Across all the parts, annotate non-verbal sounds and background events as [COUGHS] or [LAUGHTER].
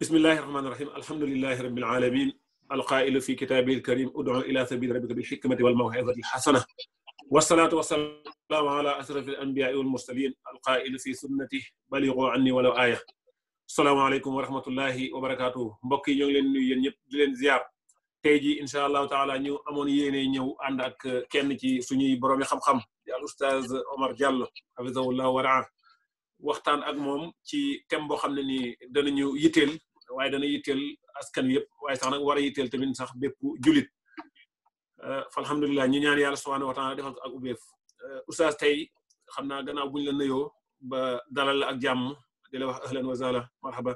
بسم الله الرحمن الرحيم الحمد لله رب العالمين القائل في كتابه الكريم ادعو الى سبيل ربك بالحكمه والموعظه الحسنه والصلاه والسلام على اشرف الانبياء والمرسلين القائل في سنته بلغوا عني ولو ايه السلام عليكم ورحمه الله وبركاته مبكي نيو لين نيو يين نيب دي لين زيار tay ان شاء الله تعالى نيو امون yene نيو اندك كين kenn ci suñuy borom xam xam di al oustaz Omar Diallo hafizahullah waxtaan ak moom ci thème boo xam ne ni danañu yitteel waaye dana yitteel askan yëpp waaye sax nag war a yitteel tamit sax bépp julit fa alhamdulilah ñu ñaan yàlla subhanahu wa taala defal ko ak ubbeef oustaz tey xam naa gannaaw buñ la nuyoo ba dalal la ak jàmm di la wax ahlan wa sahlan marhaba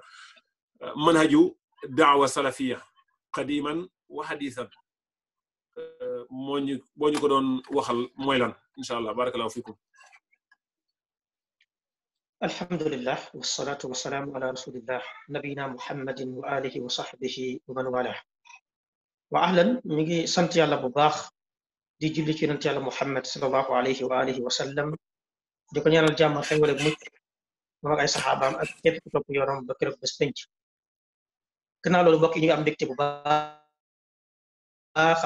manhaju daawa salafiya qadiman wa hadisan moo ñu boo ñu ko doon waxal mooy lan incha allah barakallahu fikum الحمد لله والصلاة والسلام على رسول الله نبينا محمد وآله وصحبه ومن والاه وأهلا نيجي سنتي على بباخ دي جلي كنتي على محمد صلى الله عليه وآله وسلم دي كنيان الجامعة جامع خير ولا بمك ومك أي صحابام كتب يورم بكر بسبنج كنا لو بك نيجي أم بكتب بباخ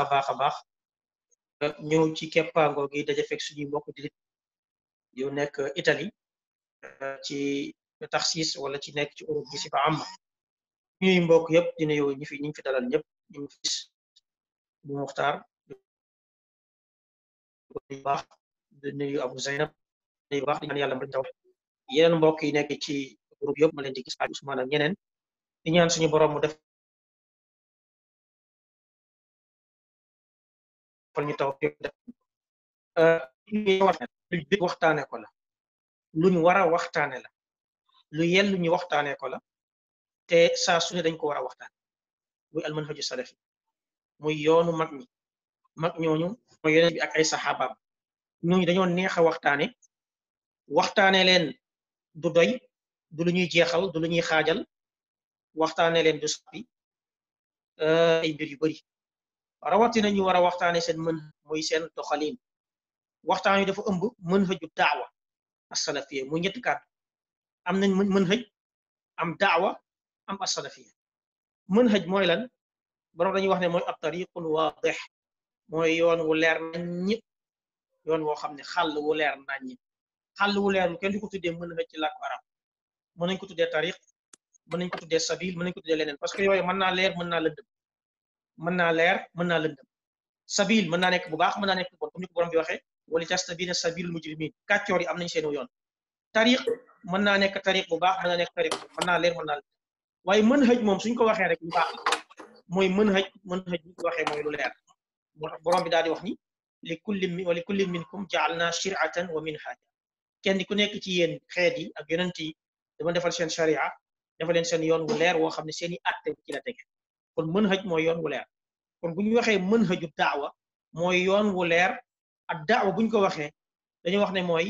بباخ بباخ ñëw ci keppaangoo gi daje fekk suñuy mbokk dilit yu nekk ci taxis wala ci nek ci Europe bi ci fa am ñuy mbokk yépp dina yow ñi fi ñi fi dalal ñëpp ñu ngi gis bu Muxtaar di baax di nuyu abou Zainab di nuyu baax di ñaan yàlla mën taw yeneen mbokk yi nekk ci groupe yëpp ma leen di gis ak Ousmane ak ñeneen di ñaan suñu borom mu def fal ñu taw euh, waxtane ko la luñ war a waxtaanee la lu yellu ñu waxtaanee ko la te saa su dañ ko war a waxtaane muy almanhaju salafi muy yoonu mag ñi mag ñooñu mooy yeneen bi ak ay saxaabaam ñooñu dañoo neex a waxtaane waxtaanee leen du doy du lu ñuy jeexal du lu ñuy xaajal waxtaanee leen du soppi euh, ay mbir yu bari rawatina ñu war a waxtaane seen mën muy seen doxalin waxtaan wi dafa ëmb manhaju taawa asalafiya mooy ñetti kàddu am nañ mën hëj am daawa am asalafiya mën hëj mooy lan borom dañuy wax ne mooy ab wa waadix mooy yoon wu leer naññi yoon woo xam ne xàll wu leer naññi xàll wu leer kenn du ko tuddee mën hëj ci làkku arab mën nañ ko tuddee tariq mën nañ ko tuddee sabil mën nañ ko tuddee leneen parce que yooyu mën naa leer mën naa lëndëm mën naa leer mën naa lëndëm sabil mën naa nekk bu baax mën naa nekk bu bon comme borom bi waxee wala tastabina sabilul mujrimin kàccoor yi am nañ seen yoon tariq mën naa nekk tariq bu baax mën naa nekk tariq mën naa leer mën naa waaye mën hëj moom suñ ko waxee rek bu baax mooy mën hëj mën hëj bu ñu ko lu leer borom bi daal wax ni li kulli wa li kulli minkum jaalna shir'atan wa minhaja kenn ku nekk ci yéen xeet yi ak yonent dama defal seen sharia defal leen seen yoon wu leer woo xam ne seen i atte ci la teg kon mën hëj mooy yoon wu leer kon bu ñu waxee mën hëju daawa yoon wu leer ak daawa buñ ko waxee dañu wax ne moy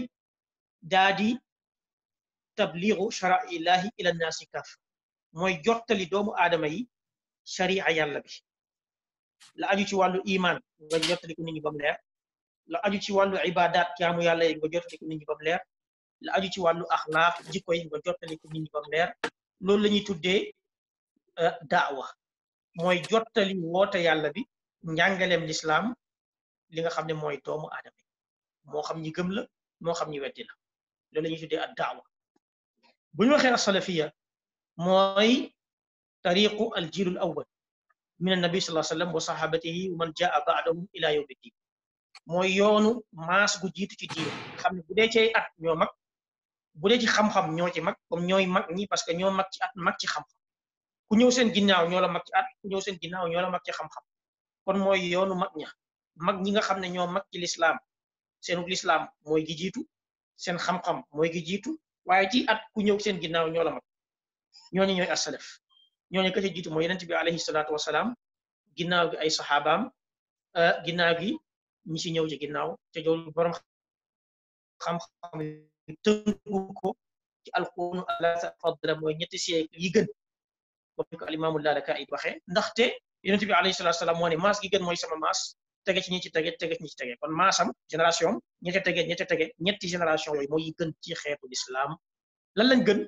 daa di tabliiru sharaaillahi ila nnaasi kaf mooy jottali doomu aadama yi sharia yàlla bi la aju ci wàllu iman nga jottali ko nit ñi ba mu leer la aju ci wàllu ibadat jaamu yàlla yi nga jottali ko nit ñi ba leer la aju ci wàllu axlaaq jikko yi nga jottali ko nit ñi ba leer loolu la ñuy tuddee daawa mooy jottali yàlla bi njàngaleem lislaam li nga xamne moy doomu adam mo xam ñi gëm la mo xam ñi weddi la loolu lañu tuddé ad da'wa bu waxé waxee salafiyya moy tariqu al jil al awwal min an-nabi sallallahu alayhi wasallam wa sahabatihi wa man jaa baadahum ila yawm al din moy yoonu mas gu jitu ci diine xam bu dé ci at ñoo mak bu dé ci xam-xam ñoo ci mak comme ñoy mak ñi parce que ñoo mak ci at mak ci xam ku ñew seen ginnaw ñoo la mak ci at ku ñëw seen ginnaw ñoo la mak ci xam-xam kon moy yoonu mak ña mag ñi nga xam ne ñoo mag ci lislaam seenug lislaam mooy gi jiitu seen xam-xam mooy gi jiitu waaye ci at ku ñëw seen ginnaaw ñoo la mag ñooñu ñooy asalaf ñooñu ka ca jiitu mooy yonent bi alayhi salaatu wasalaam ginnaaw gi ay saxaabaam euh, ginnaaw gi ñi ci ñëw ci ginnaaw te jool borom xam-xam tënku ko ci alquran alaasa fadla mooy ñetti siècle yi gën comme ko alimaamul laalaka it waxee ndaxte yonent bi alayhi salaatu wasalaam moo ne maas gi gën mooy sama maas tege ci ñi ci tege tege ci ñi ci tege kon maasam génération am ñi ca tege ñi ca tege ñetti génération yooyu mooy gën ci xeetu lislaam lan lañ gën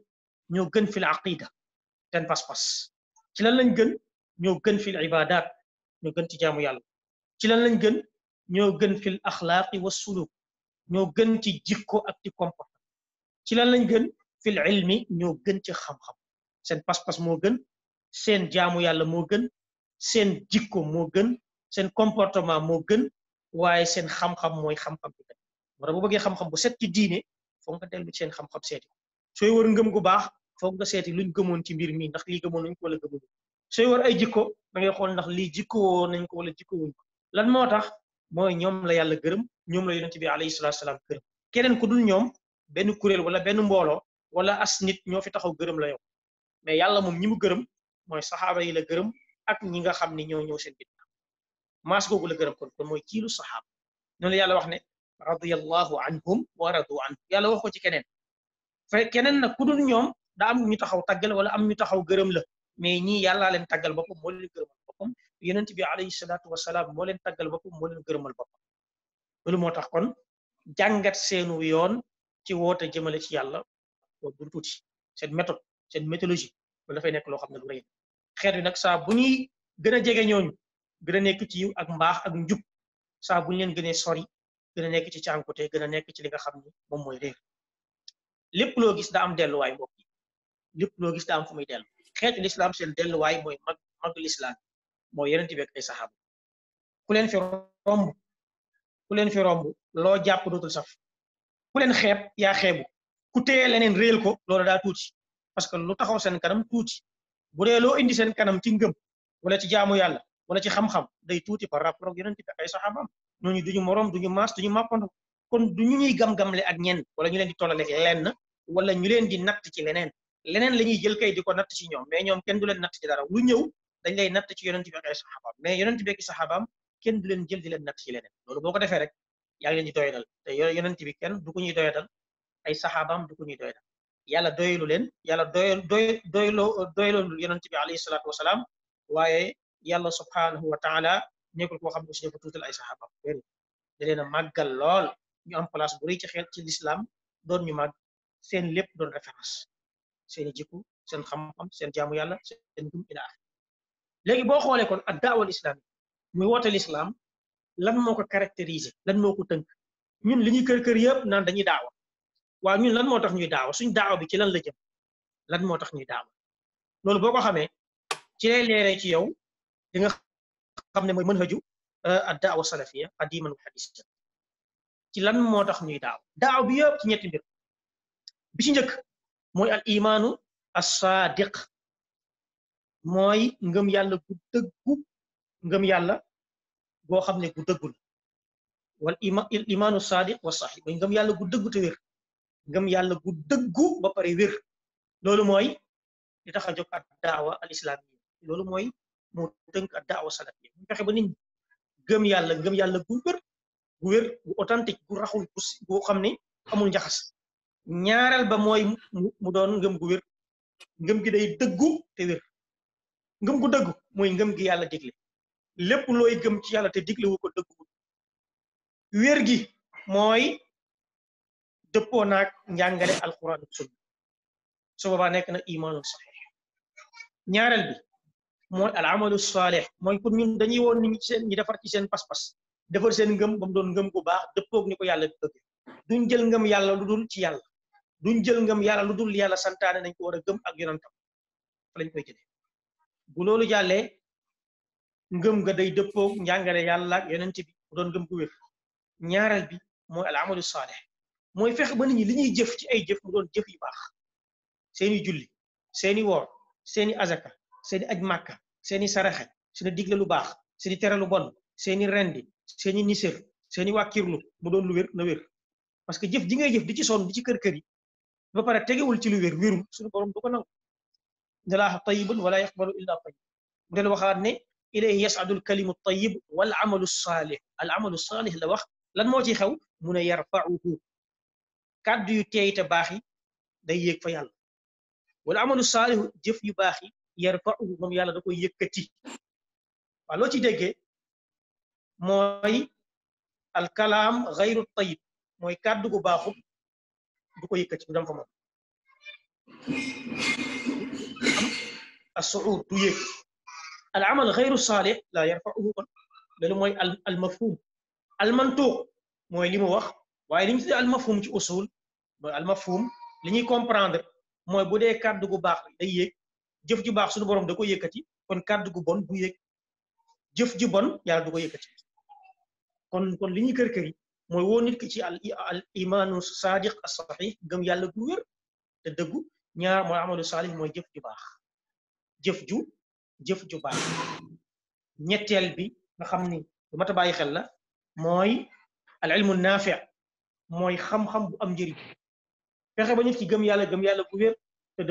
ñoo gën fil aqida ten pas-pas ci lan lañ gën ñoo gën fil ibadat ñoo gën ci jaamu yàlla ci lan lañ gën ñoo gën fil axlaaqi wa suluk ñoo gën ci jikko ak ci comportement ci lan lañ gën fil ilmi ñoo gën ci xam-xam seen pas-pas moo gën seen jaamu yàlla moo gën seen jikko moo gën seen comportement moo gën waaye seen xamxam mooy xam-xam bi bu bëggee xam bu set ci diine foog nga dellu seen xamxam xam seeti sooy war ngëm gu baax foog nga seeti luñ gëmoon ci mbir mi ndax lii gëmoon nañ ko wala gëmoon sooy war ay jikko da ngay xool ndax li jikkoo nañ ko wala jikkowuñ ko lan moo tax mooy ñoom la yàlla gërëm ñoom la yonent bi alayhi salaatu salaam gërëm keneen ku dul ñoom benn kuréel wala benn mbooloo wala as nit ñoo fi taxaw gërëm la yow mais yàlla moom ñi mu gërëm mooy saxaaba yi la gërëm ak ñi nga xam ni ñoo ñëw maas googu la gërëm kon mooy kiilu saxaaba noonu la yàlla wax ne radiyallahu anhum wa radu anhu yàlla wax ko ci keneen fe keneen na ku dul ñoom daa am ñu taxaw taggal wala am ñu taxaw gërëm la mais ñii yàllaa leen taggal boppam moo leen gërëmal boppam yonent bi alayhi salaatu wasalaam moo leen taggal boppam moo leen gërëmal boppam moo tax kon jàngat seenu yoon ci woote jëmale ci yàlla loolu du tuuti seen méthode seen méthodologie loolu dafay nekk loo xam ne lu rëy xeet wi nag saa bu ñuy gën a jege ñooñu gën a nekk ci ak mbaax ak njub saa bu ñu leen gënee sori gën a nekk ci cànkute gën a nekk ci li nga xam ni moom mooy réer lépp loo gis daa am delluwaay mbokk yi lépp loo gis daa am fu muy dellu xeetu lislaam seen delluwaay mooy mag magu lislaam mooy yeneen ti bekk ay saxaaba ku leen fi romb ku leen fi romb loo jàpp dootul saf ku leen xeeb yaa xeebu ku téye leneen réel ko loolu daa tuuti parce que lu taxaw seen kanam tuuti bu dee loo indi seen kanam ci ngëm wala ci jaamu yàlla wala ci xam-xam day tuuti par rapport ak yonent bi ay saxaabaam ñooñu duñu moroom duñu maas duñu màppandoo kon duñu ñuy gam-gamle ak ñenn wala ñu leen di tollale lenn wala ñu leen ci leneen leneen la ñuy jël kay di ko natt ci ñoom mais ñoom kenn du leen natt ci dara lu ñëw dañ lay natt ci yonent bi ak ay saxaabaam mais yonent bi ak i saxaabaam kenn du leen jël di leen ci leneen loolu boo ko defee rek yaa ngi leen di doyadal te yonent bi kenn du ko ñuy doyadal ay saxaabaam du ko ñuy doyadal yàlla doyalu leen yàlla doy doy doyloo doyloo yonent bi alayhi salaatu wasalaam waaye yàlla subhaanahu wa nekk nekkul koo xam ne aussi dafa tuutal ay saxaaba benn da leen a màggal lool ñu place bu ci xel ci lislaam doon ñu màgg seen lépp doon référence seeni jikku seen xam-xam seen jaamu yàlla seen boo xoolee kon ak daawal islam woote lislaam lan moo ko caractériser lan moo ko tënk ñun li ñuy kër kër yëpp naan dañuy daawa waaw ñun lan moo tax ñuy daawa suñ daawa bi ci lan la jëm lan moo tax ñuy daawa loolu boo ko xamee ci leeree ci yow dengan nga moy ne mooy haju eh, ad salafiya qadiman wa hadith ci lan mo tax ñuy daaw daaw bi yepp ci ñetti mbir bi ci njëkk moy al imanu as-sadiq moy ngëm yalla gu deggu ngëm yalla goo xamne gu deggul wal imanu sadiq wa sahih moy ngëm yalla gu deggu te wér ngëm yalla gu deggu ba pare wér lolu moy li tax jox ad-da'wa al islamiyya lolu moy moo tënk ak daawa salafiyya mu fexe ba nit ñi gëm yàlla gëm yàlla gu wér gu wér gu authentique gu xam ne amul njaxas ñaareel ba mooy mu doon ngëm gu wér ngëm gi day dëggu te wér ngëm gu dëggu mooy ngëm gi yàlla digle lépp looy gëm ci yàlla te digle wu ko dëggu wér gi mooy dëppoo naag njàngale alquran ak sunna su boobaa nekk na imaanul saxiix ñaareel bi mooy al amalu saalih mooy pour ñun dañuy woon nit ñi seen ñi defar ci seen pas-pas defar seen ngëm ba mu doon ngëm gu baax dëppoog ni ko yàlla bëgg duñ jël ngëm yàlla lu dul ci yàlla duñ jël ngëm yàlla lu dul yàlla santaane nañ ko war a gëm ak yonantam fa lañ koy jëlee bu loolu jàllee ngëm nga day dëppoog njàngale yàlla ak yonent bi mu doon ngëm gu wér ñaareel bi mooy al amalu saalih mooy fexe ba nit li ñuy jëf ci ay jëf mu doon jëf yu baax seeni julli seeni woor seeni azaka seeni aj màkka seeni saraxe seeni digle lu baax seeni tere lu bon seeni rendi seeni nisër seeni wàkkirlu mu doon lu wér na wér parce que jëf ji ngay jëf di ci sonn di ci kër kër yi ba pare tegewul ci lu wér wérul suñu borom du ko nangu dalaaxa tayibun wala yaqbalu illa tayib mu waxaat ne ilayhi yasadu alkalimu tayib wal amalu saalih al amalu saalih la wax lan moo ci xew mu ne yarfauhu kàddu yu teey te baax yi day yéeg fa yàlla wala amalu saalihu jëf yu yarfa'uhu moom yàlla da koy yëkkati waaw loo ci déggee mooy alkalaam xayru tayib mooy kàddu gu baaxul du ko yëkkati du dem fa moom الصعود يك العمل غير الصالح لا يرفعه لولو موي المفهوم المنطوق موي لي مو واخ واي لي متي المفهوم في اصول المفهوم لي ني كومبراندر موي بودي كادو غو باخ داي يك jëf ju baax suñu borom da ko yëkkati kon kàddu gu bon du yëg jëf ju bon yàlla du yëkkati kon kon li kër kër mooy wo nit ki ci al al imaanu saadiq as-saxiix gëm yàlla gu wér dëggu ñaar mooy amalu saalih mooy jëf ju baax jëf ju jëf ju baax ñetteel bi nga xam ni lu mat a bàyyi xel la mooy al ilmu naafi mooy xam-xam bu am njëriñ fexe ba nit ki gëm yàlla gëm yàlla gu wér te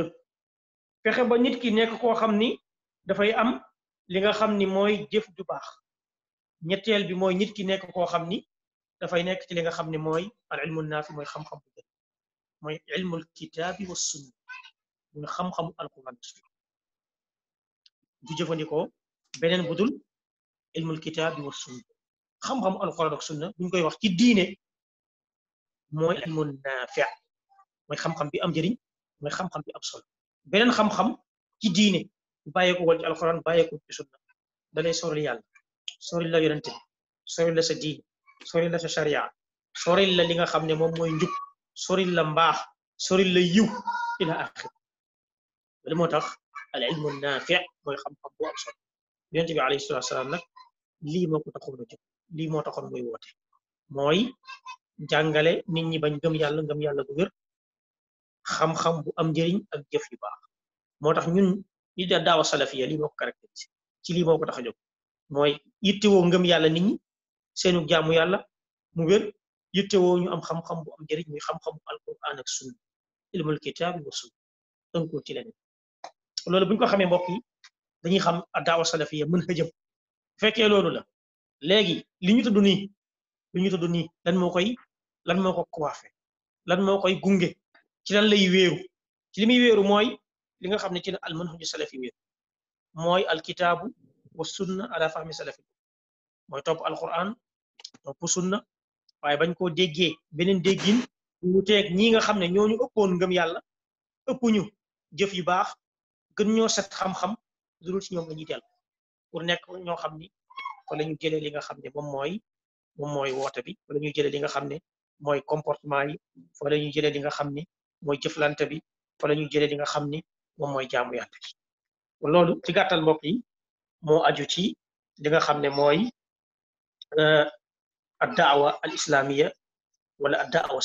fexe ba nit ki nek ko xamni da fay am li nga xamni moy jëf ju bax ñettel bi moy nit ki nek ko xamni da fay nek ci li nga xamni moy al ilmu nafi moy xam-xam moy ilmu al kitab wa sunna ñu xam xam al qur'an du jëfëndiko benen budul ilmu al kitab wa sunna xam xam al qur'an ak sunna buñ koy wax ci diine moy ilmu nafi moy xam-xam bi am jëriñ moy xam-xam bi am solo benen xam-xam ci diine bàyyeeku wol ci alxuraan bàyyeeku ci sunna da lay sori yalla sori la yonenté sori la sa diine sori la sa sharia sori la li nga xamne mom moy mooy njub sori la mbax sori la yiw ila akhir loolu motax al ilm an nafi' mooy xam-xam bu am solo yonenté bi alayhi salatu wassalam nak li moko ko ci li mo lii moy wote moy jangale nit ñi bañ gëm yalla gëm yalla bu wër xam-xam bu am njëriñ ak jëf yu baax moo tax ñun li da daawa salafiya lii moo ko caractérisé ci lii moo ko tax a jóg mooy yittewoo ngëm yàlla nit ñi seenu jaamu yàlla mu wér yittewoo ñu am xam-xam bu am njëriñ muy xam-xam bu alquran ak sunna ilmul kitaabi wa sunna tënkoo ci leneen loolu bu ñu ko xamee mbokk yi dañuy xam daawa salafiya mën a jëm bu fekkee loolu la léegi li ñu tudd nii ñu tudd nii lan moo koy lan moo ko coiffé lan moo koy gunge ci lan lay wéeru ci li muy wéeru mooy li nga xam ne ci la almanhaju salafi wéeru mooy alkitaabu wa sunna ala fahmi salafi mooy topp alquran topp na waaye bañ koo déggee beneen déggin ñu teeg ñi nga xam ne ñooñu ëppoon ngëm yàlla ëpp ñu jëf yu baax gën ñoo set xam-xam lu dul ci ñoom la ñuy dellu pour nekk ñoo xam ni fa jëlee li nga xam ne moom mooy moom mooy woote bi fa la ñuy jëlee li nga xam ne mooy comportement yi fa la ñuy jëlee li nga xam ni mooy jëflante bi fa la ñuy jëlee li nga xam ni moom mooy jaamu yàlla loolu ci gàttal mbokk yi moo aju ci li nga xam ne mooy euh, addaawa al islamiya wala addaawa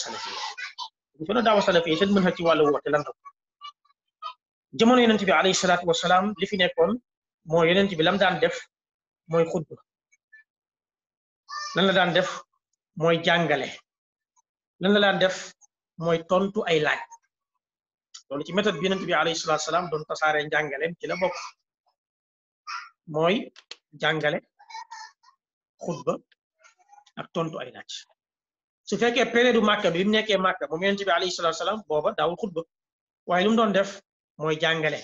salafiya bu a ci wàllu woote bi alayhi salaatu salaam li fi nekkoon mooy yonent bi lam daan def mooy xutba lan la daan def mooy jàngale lan la daan def mooy tontu ay laaj loolu ci méthode bi yonent bi alayhi salaam doon tasaare njàngaleem ci la bokk mooy jàngale xutba ak tontu ay laaj su fekkee période màkka bi bi mu nekkee màkka moom yonent bi alayhi salaatu salaam booba daawul xutba waaye lu doon def mooy jàngale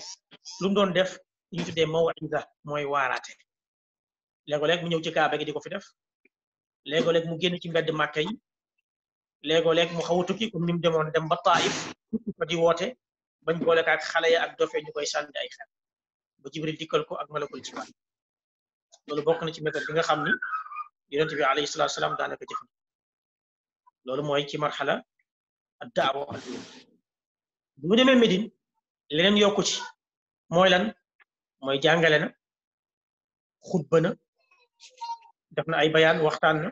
lu doon def li ñu tuddee mawida mooy waaraate léegoo-léeg mu ñëw ci kaaba gi di ko fi def léegoo-léeg mu génn ci mbedd màkka yi léegoo léeg mu xaw a tukki comme mu demoon dem ba Taif tukki ko woote bañ boole ko xale ya ak dofee ñu koy sànni ay ba Jibril dikkal ko ak malakul jibaal loolu bokk na ci méthode bi nga xam ni yonent bi alayhi salaatu salaam daanaka jëfandikoo loolu mooy ci marxala ak daawa ak bu mu demee Médine leneen yokku ci mooy lan mooy jàngale na xutba na def na ay bayaan waxtaan na.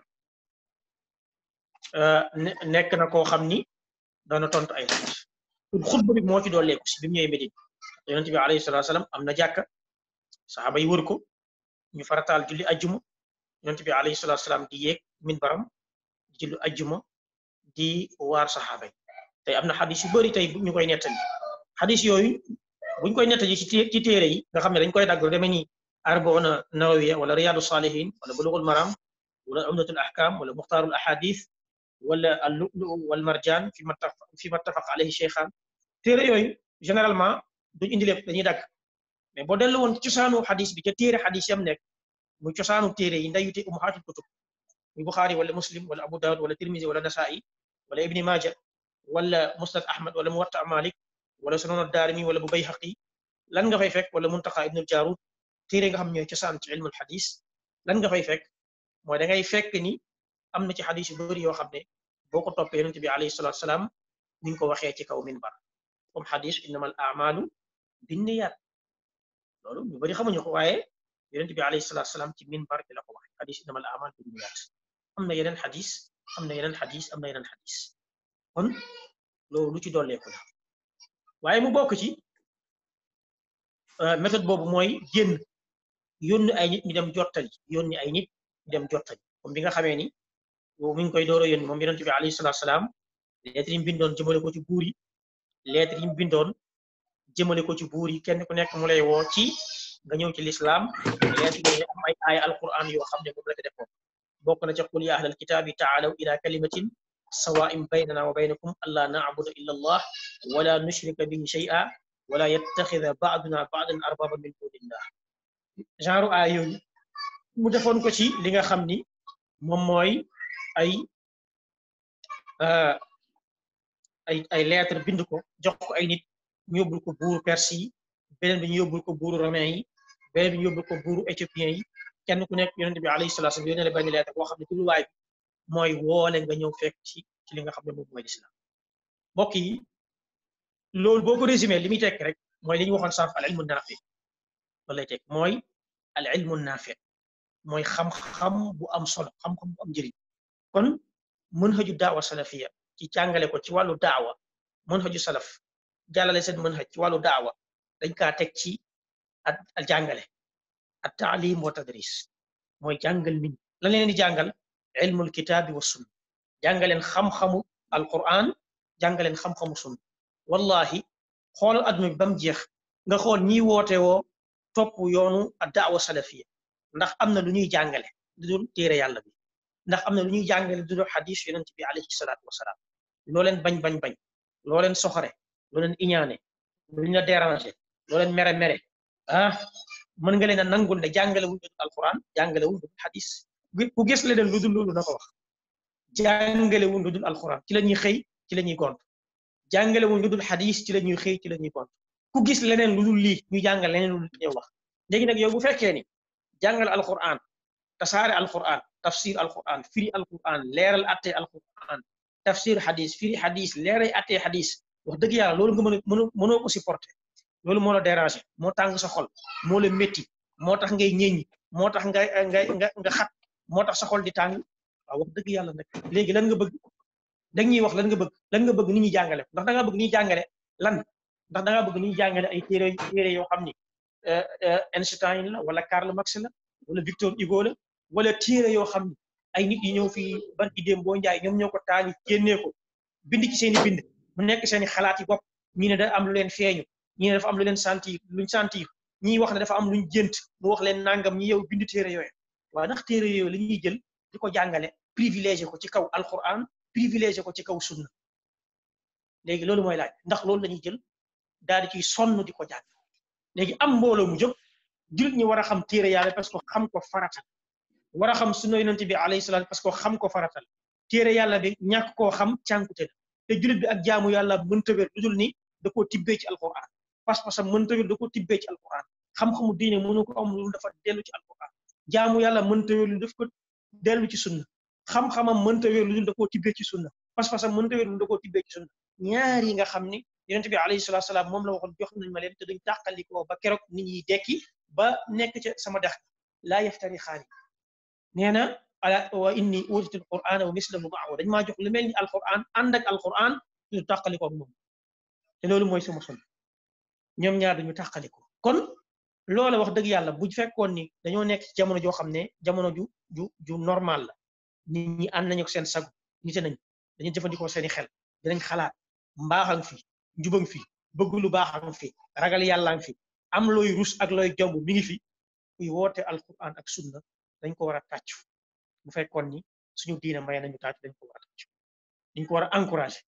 nekk na koo xam ni dana tontu ay laaj kon xutba bi moo ci dooleeku si bi mu ñëwee Medine yonente bi alayhi salatu wasalam am na jàkka saxaaba yi wër ko ñu farataal julli ajjuma yonente bi alayhi salatu wasalam di yeeg min baram julli ajjuma di waar saxaaba yi tey am na yu bëri tey ñu koy nettali xadis yooyu buñ koy nettali ci ci téere yi nga xam dañ koy dagg demee ni arbauna nawawiya wala riyadu salihin wala bulugul maram wala umdatul ahkam wala muxtaarul ahadith واللؤلؤ والمرجان fi ma taf fi ma tafaq alayhi cheikhan téere yooyu généralement duñ indi lépp dañuy dagg mais boo dellu woon cosaanu xadis bi ca téere xadis yam nekk muy cosaanu téere yi ndayute umahaatul kutub muy buxaari wala muslim wala abu daawud wala tirmisi wala nasaa'i wala ibni maaja wala musnad ahmad wala muwatta malik wala sunan addaarimi wala bu bayhaqi lan nga fay fekk wala muntaqa ibnul jaarut téere nga xam ñooy cosaan ci ilmul xadis lan nga fay fekk mooy da ngay fekk ni am na ci xadis yu yoo xam ne boo ko toppee yonent bi alayhi salatu salaam ni ñu ko waxee ci kaw minbar comme xadis innamal amalu binniyaat loolu ñu bëri xamuñu ko waaye yonent bi alayhi salaam ci minbar la ko waxee xadis innamal amalu binniyaat am na yeneen xadis am na yeneen xadis am na yeneen xadis kon loolu lu ci dolleeku la waaye mu bokk ci euh, méthode boobu mooy génn yónni ay nit ñu dem jottali yónni ay nit ñu dem jottali comme bi nga xamee ni o min koye ɗoro yoni mo mbiɗon tiɓe alayhi salatu salam lettre yim bindon jëmale ko ci buuri lettre yim bindon jëmale ko ci buuri kenn ku nekk mu lay woo ci nga ñëw ci l'islam lettre yooyu am ay aaya alquran yoo xam ne moom la ko defoon bokk na ca qul ya ahlal kitabi taalaw ila kalimatin سواء بيننا وبينكم ألا نعبد إلا الله ولا نشرك به شيئا ولا يتخذ بعضنا بعضا أربابا من دون الله genre ayoyu mu defoon ko ci li nga xam ni moom mooy Euh, ay ay ay lettre bind ko jox ko ay nit ñu yóbbul ko buuru perse yi beneen bi ñu yóbbul ko buuru romain yi beneen bi ñu yóbbul ko buuru éthiopien yi kenn ku nekk yonente bi alayhi salatu wasallam yónnee la benn lettre boo xam ne jubluwaay bi mooy woole nga ñëw fekk ci ci li nga xam ne moom mooy lislaam mbokk yi loolu boo ko li muy tekk rek mooy li ñu waxoon sànq al ilmu naafi loolu mooy al ilmu naafi mooy xam-xam bu am solo xam-xam bu am njëriñ kon mën manhaju daawa salafiya ci jàngale ko ci wàllu daawa manhaju salaf jàllale seen manhaj ci wàllu daawa dañ kaa teg ci ak jàngale at taalim wa tadris mooy jàngal nit lan leen di jàngal ilmul kitaabi wa sunna jàngaleen xam-xamu alquran jàngaleen xam-xamu sunna wallahi xool adduna bi jeex nga xool ñiy woote woo topp yoonu ad daawa salafiya ndax am na lu ñuy jàngale lu dul téere yàlla bi ndax am na lu ñuy jàngale du dul xadis yonent bi alayhi salaatu wasalaam loo leen bañ bañ bañ loo leen soxore loo leen iñaane lu ñu la déranger loo leen mere mere ah mën nga leen a nangul ne jàngale wuñ lu dul alquran jàngale wuñ lu dul xadis ku gis leen lu dul loolu na ko wax jàngale wuñ lu dul alquran ci la ñuy xëy ci la ñuy gont jàngale wuñ lu dul xadis ci la ñuy xëy ci la ñuy gont ku gis leneen lu dul lii ñu jàngal leneen lu dul Al alquran tafsir alquran firi alquran leeral Al alquran tafsir hadis firi hadis leeray atay hadis wax dëgg yàlla loolu nga mën a mënoo ko supporter loolu moo la déranger moo tàng sa xol moo la métti moo tax ngay ñeññi moo tax ngay ngay nga xat moo sa xol di tàng waaw wax dëgg yàlla nag léegi lan nga bëgg dañuy wax lan nga bëgg lan nga bëgg ni ñuy jàngale ndax da ngaa bëgg ni ñuy lan ndax da ngaa bëgg ni ñuy jàngale ay téere téere yoo xam ni euh, euh, Einstein la wala Karl Marx la wala Victor Hugo la wala téere yoo xam ne ay nit yi ñëw fii barki déem boo njaay ñoom ñoo ko taali génnee ko bind ci seen i bind mu nekk seen i xalaat bopp ñi ne da am lu leen feeñu ñi ne dafa am lu leen sentir luñ sentir ñi wax ne dafa am luñ gént mu wax leen nangam ñi yow bind téere yooyu waaw ndax téere yooyu la ñuy jël di ko jàngale privilégié ko ci kaw alquran privilégié ko ci kaw sunna loolu mooy laaj ndax loolu la ñuy jël daal di ciy sonn di ko jàng léegi am mbooloo mu jóg jullit ñi war a xam téere yàlla parce que xam ko farata war a xam sunna yonent bi alayhi salaam parce que xam ko faratal téere yàlla bi ñàkk koo xam cànkute la te jullit bi ak jaamu yàlla mënta wér lu dul ni da koo tibbee ci alquran pas-pasam mënta wér da koo tibbee ci alquran xam-xamu diine mënu ko am lu dafa dellu ci alquran jaamu yàlla mënta wér lu daf ko dellu ci sunna xam-xamam mënta wér lu dul da koo tibbee ci sunna pas-pasam mënta wér lu da koo tibbee ci sunna ñaar yi nga xam ni yonent bi alayhi salaatu salaam moom la waxoon jox nañ ma leen te duñ tàqalikoo ba keroog nit ñi dekki ba nekk ca sama dex laa yaftari xaar yi neena ala wa inni utitul qur'ana wa mislahu ma'ahu dañ maa jox lu melni al alquran andak ak alquran du takaliko ak mom te lolu moy suma sun ñom ñaar dañu takaliko kon lolu wax deug yalla bu fekkon ni dañu nekk ci jamono jo xamne jamono ju ju ju normal la nit ñi and nañu ko seen sagu nite nañ dañu jëfandikoo seen xel dinañ xalaat mbaaxang fi njubam fi bëgg lu ak fi ragal ak fi am loy rus ak loy jom mi ngi fi kuy woote alquran ak sunna dañ ko war a tàccu bu fekkoon ni suñu diine may nañu tàccu dañ ko war a tàccu dañ ko war a encouragé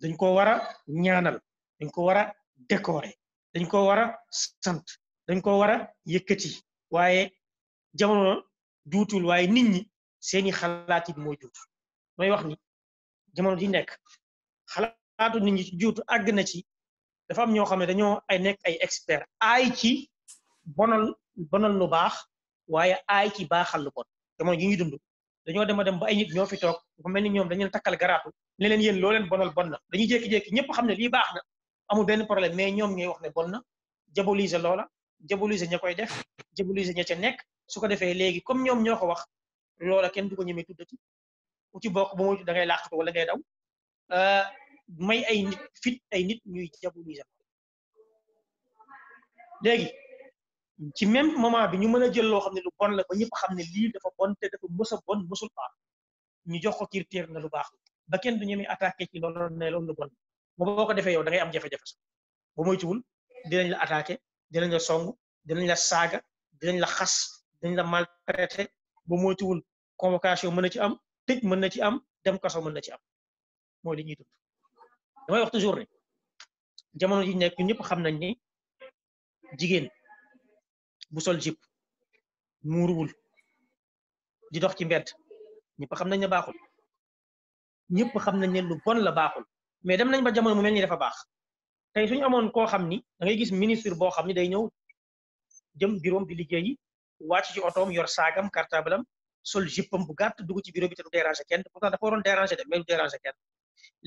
dañ ko war a ñaanal dañ ko war a décorer dañ ko war a sant dañ ko war a yëkkati waaye jamono juutul waaye nit ñi seeni xalaat yi mooy juutu wax ni ji nekk xalaatu nit ñi ci juutu àgg na ci dafa am ñoo xam ne dañoo ay nekk ay expert aay ci bonal bonal waaye aay ci baaxal lu bon jamono yi ñuy dund dañoo dem a dem ba ay nit ñoo fi toog dafa mel ni ñoom dañu leen takkal garaatu ne leen yéen loo leen bonal bon na dañuy jékki-jékki ñëpp xam ne lii baax na amul benn problème mais ñoom ñooy wax ne bon na jaboliser loola jaboliser ña koy def jaboliser ña ca nekk su ko defee léegi comme ñoom ñoo ko wax loola kenn du ko ñemee tuddati ku ci bokk ba moytu da ngay làqatu wala ngay daw euh, may ay nit fit ay nit ñuy jaboliser léegi ci même moment bi ñu mën a jël loo xam ne lu bon la ba ñëpp xam ne lii dafa bon te dafa mës a bon mësul aar ñu jox ko critère na lu baax ba kenn du ñemee attaqué ci loolu ne loolu lu bon ba boo ko defee yow da am jafe-jafe sax ba moytuwul dinañ la attaqué dinañ la song dinañ la saaga dinañ la xas dañ la maltraité ba moytuwul convocation mën a ci am tëj mën na ci am dem kaso mën na ci am mooy li ñuy dund damay wax ne jamono ji nekk ñëpp xam nañ ni jigéen bu sol jip muuruwul di dox ci mbedd ñëpp xam nañ ne baaxul ñëpp xam nañ ne lu bon la baaxul mais dem nañ ba jamono mu mel ni dafa baax tey suñu amoon koo xam ni da ngay gis ministre boo xam ni day ñëw jëm di yi wàcc ci otoom yor saagam cartable am sol jippam bu gàtt dugg ci bureau bi te du déranger kenn pourtant dafa waroon déranger de mais du déranger kenn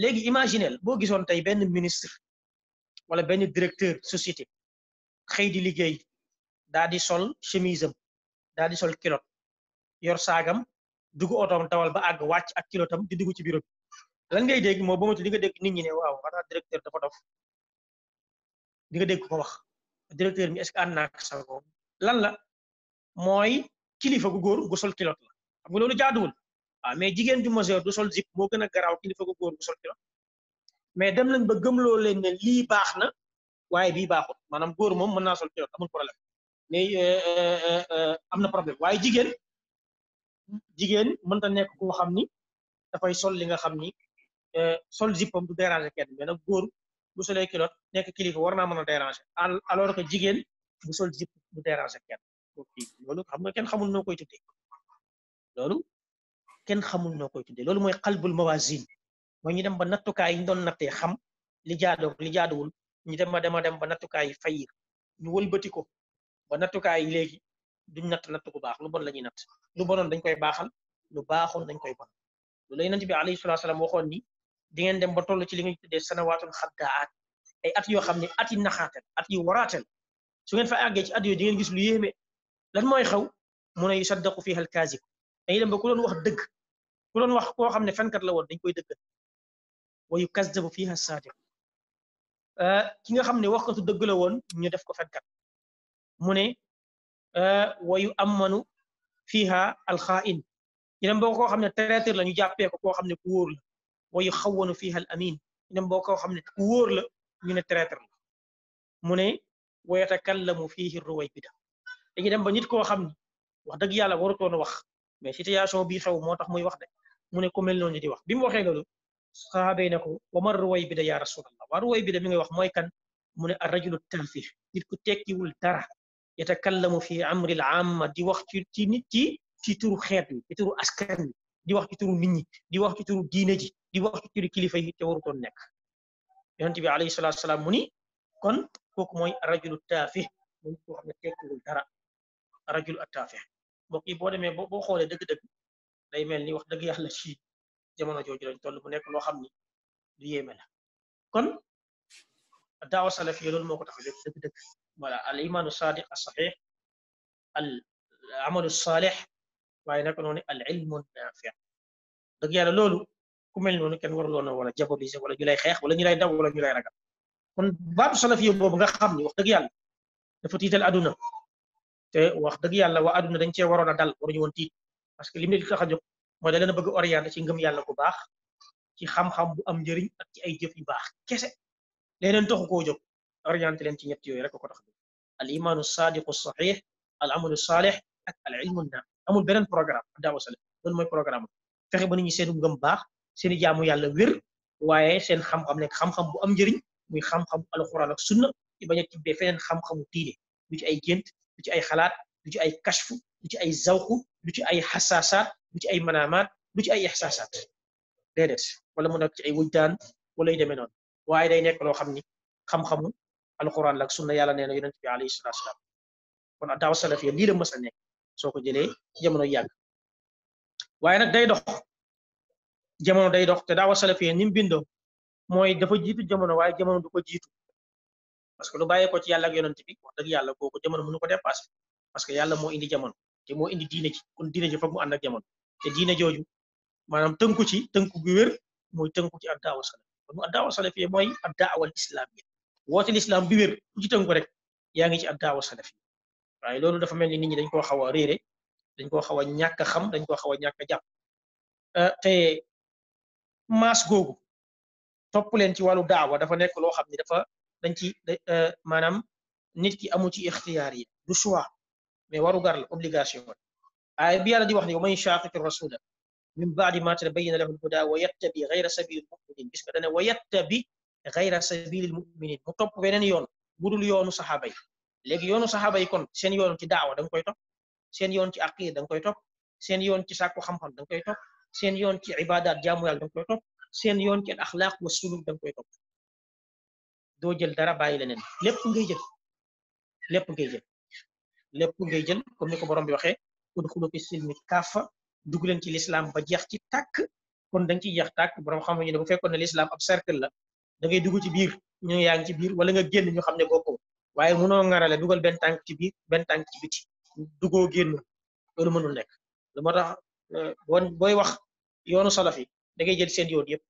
léegi imaginel boo gisoon tey benn ministre wala benn directeur société xëy di liggéey daa di sol chemise am di sol kilot yor saagam dugg otoom dawal ba àgg wàcc ak kilotam di dugg ci biro bi lan ngay dégg moo ba di nga dégg nit ñi ne waaw xanaa directeur dafa dof di nga dégg ko wax directeur bi est-ce que ànd naa ak sagoom lan la mooy kilifa gu góor gu sol kilot la xam loolu jaaduwul mais jigéen ju majeur du sol zip moo gën a garaaw kilifa gu sol kilot mais dem nañ ba gëmloo leen lii baax na waaye bii baaxul maanaam góor moom mën naa sol kilot mais euh, euh, euh, am na problème waaye jigéen jigéen mënta nekk koo xam ni dafay sol li nga xam ni sol zippam du déranger kenn mais nag góor bu solee kilot nekk kilifa war naa mën a déranger alors que jigéen bu sol zipp du déranger kenn loolu xam nga kenn xamul noo koy tuddee loolu kenn xamul noo koy tuddee loolu mooy xalbul mawazin mooy ñu dem ba nattukaay yi ñu doon nattee xam li jaadoog li jaaduwul ñu dem ba dem ba nattukaay yi fayir ñu wëlbati ko ba nattukaay yi léegi duñ nat nat bu bax lu bon lañuy nat lu bonon dañ koy baxal lu baaxoon dañ koy bon lu lay nante bi alayhi salaatu salaam waxoon ni di ngeen dem ba tollu ci li nga tuddé sanawaatul xaddaat ay at yoo xam at yi naxaatel at yi waraatel su ngeen fa agge ci at yooyu di ngeen gis lu yéme lan moy xaw mu ne yusaddaqu fiha alkaasib ay dem ba ku doon wax deug ku doon wax ko xam ne kat la won dañ koy deug wa yukazzabu fiha sadiq euh ki nga xam ne waxkatu deug la won ñu def ko kat mu ne wayu ammanu fiha alxaain itam boo koo xam ne traître la ñu jàppee ko koo xam ne ku wóor la wayu xawwanu fiha al amin itam boo koo xam ne ku wóor la ñu ne traître la mu ne wa yatakallamu fihi ruway bida dañuy dem ba nit koo xam ne wax dëgg yàlla warutoon wax mais situation bii xew moo tax muy wax de mu ne ku mel noonu di wax bi mu waxee loolu saxaaba yi ne ko wa man ruway bida yaa rasulallah waa ruway bida mi ngay wax mooy kan mu ne ar rajulu tafih nit ku tekkiwul dara yatakallamu fi amril amma di wax ci nit ki ci turu xeet wi ci turu askan wi di wax ci turu nit ñi di wax ci turu diine ji di wax ci turu kilifa yi te warutoon nekk yonent bi alayhi salaatu salaam mu ni kon kooku mooy rajulu taafi moom koo xam ne tekkiwul dara rajul attaafi boo demee boo xoolee dëgg-dëgg day mel ni wax dëgg yàlla ci jamono jooju lañ nekk loo xam ni lu yéeme la kon daawa salafi lool moo ko tax a jóg dëgg-dëgg الإيمان الصادق الصحيح العمل الصالح waaye naka noonu al ilmu nafia dëgg yàlla loolu ku mel noonu kenn waruloon na wala diaboliser wala ñu lay xeex wala ñu daw wala ñu ragal kon baatu salaf yow nga xam wax dëgg yàlla dafa tiital aduna te wax dëgg yàlla waa aduna dañ cee waroon a dal waruñu woon tiit parce que li mu tax a jóg mooy da leen a bëgg orienté ci ngëm yàlla bu baax ci xam-xam bu am njëriñ ak ci ay jëf yu baax kese leneen taxu koo jóg orienté leen ci ñett yooyu rek ko tax bi al imaanu saadiqu saxiix al amalu saalix ak al ilmu naam amul beneen programme daawa sale loolu mooy programme fexe ba nit ñi seenu ngëm baax seeni jaamu yàlla wér waaye seen xam-xam nekk xam-xam bu am njëriñ muy xam-xam alxuraan ak sunna ci bañ a tibbee feneen xam-xamu diine du ci ay gént du ci ay xalaat du ci ay kashfu du ci ay zawku du ci ay xasaasaat du ci ay manaamaat du ci ay ixsaasaat déedéet wala mu nekk ci ay wujdaan wala yu demee noonu waaye day nekk loo xam ni xam alquran la ak sunna yàlla nee na yonent bi alayhi salatu salaam kon daawa salafiya lii la mës a nekk soo ko jëlee jamono yàgg waaye nag day dox jamono day dox te daawa salafiya ni mu bindoo mooy dafa jiitu jamono waaye jamono du ko jiitu parce que lu bàyyee ko ci yàlla ak yonent bi wax dëgg yàlla kooku jamono mënu ko dépassé parce que yàlla moo indi jamono te moo indi diine ji kon diine ji foog mu ànd ak te diine jooju maanaam tënku ci tënku gu wér mooy tënku ci ad daawa a kon ad daawa salafiya mooy ad daawa woote lislaam bi wér ku ci tënku rek yaa ngi ci ab daawa salafi waaye loolu dafa mel ni nit dañ koo xaw a dañ koo xaw a ñàkk a xam dañ koo xaw a ñàkk a jàpp eh, te googu topp leen ci wàllu daawa dafa nekk loo xam ne dafa dañ ci eh, maanaam nit ki amu ci ixtiyaar yi du choix mais waru gar la obligation la aaya bi yàlla di wax ne wa man shaqiqi rasula min baadi ma tabayyana lahu al huda wa yattabi ghayra sabili al muminin gis nga dane wa yattabi gayra sabilil muminin mu topp beneen yoon dul yoonu saxaaba yi léegi yoonu saxaaba yi kon seen yoon ci daawa da koy topp seen yoon ci aqida da koy topp seen yoon ci sàkku xam-xam da koy topp seen yoon ci ibadat jaamu yàlla da nga koy topp seen yoon ci axlaaq wa suluk da nga koy topp jël dara bàyyi leneen lépp ngay jël lépp ngay jël ngay jël comme ni ko borom bi waxee udxulu fi silmi kaafa dugg leen ci lislaam ba jeex ci tàkk kon da ci ciy jeex tàkk borom xam ñu ne bu fekkoon ne lislaam ab cercle la da ngay dugg ci biir ñu yaa ci biir wala nga génn ñu xam ne bokkoo waaye mënoo ngarale dugal benn tànk ci biir benn tànk ci biti duggoo génn loolu mënul nekk lu moo tax euh, booy wax yoonu salaf yi da ngay jël seen yoon yëpp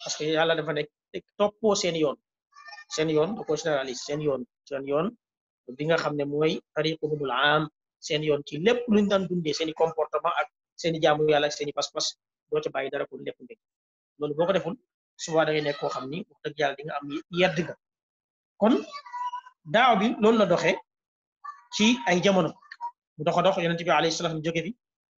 parce que yàlla dafa nekk toppoo seen yoon seen yoon da ko généraliste seen yoon seen yoon bi nga xam ne mooy tariqumul am seen yoon ci lépp luñ daan dundee seen comportement ak seen jaamu yàlla ak seen pas-pas doo ca bàyyi dara ko lépp mbir loolu boo ko deful suba da ngay nekk koo xam ni wax dëgg yàlla di nga am yedd nga kon daaw bi loolu la doxe ci ay jamono mu dox a dox yonent bi alayhi salaam jóge fi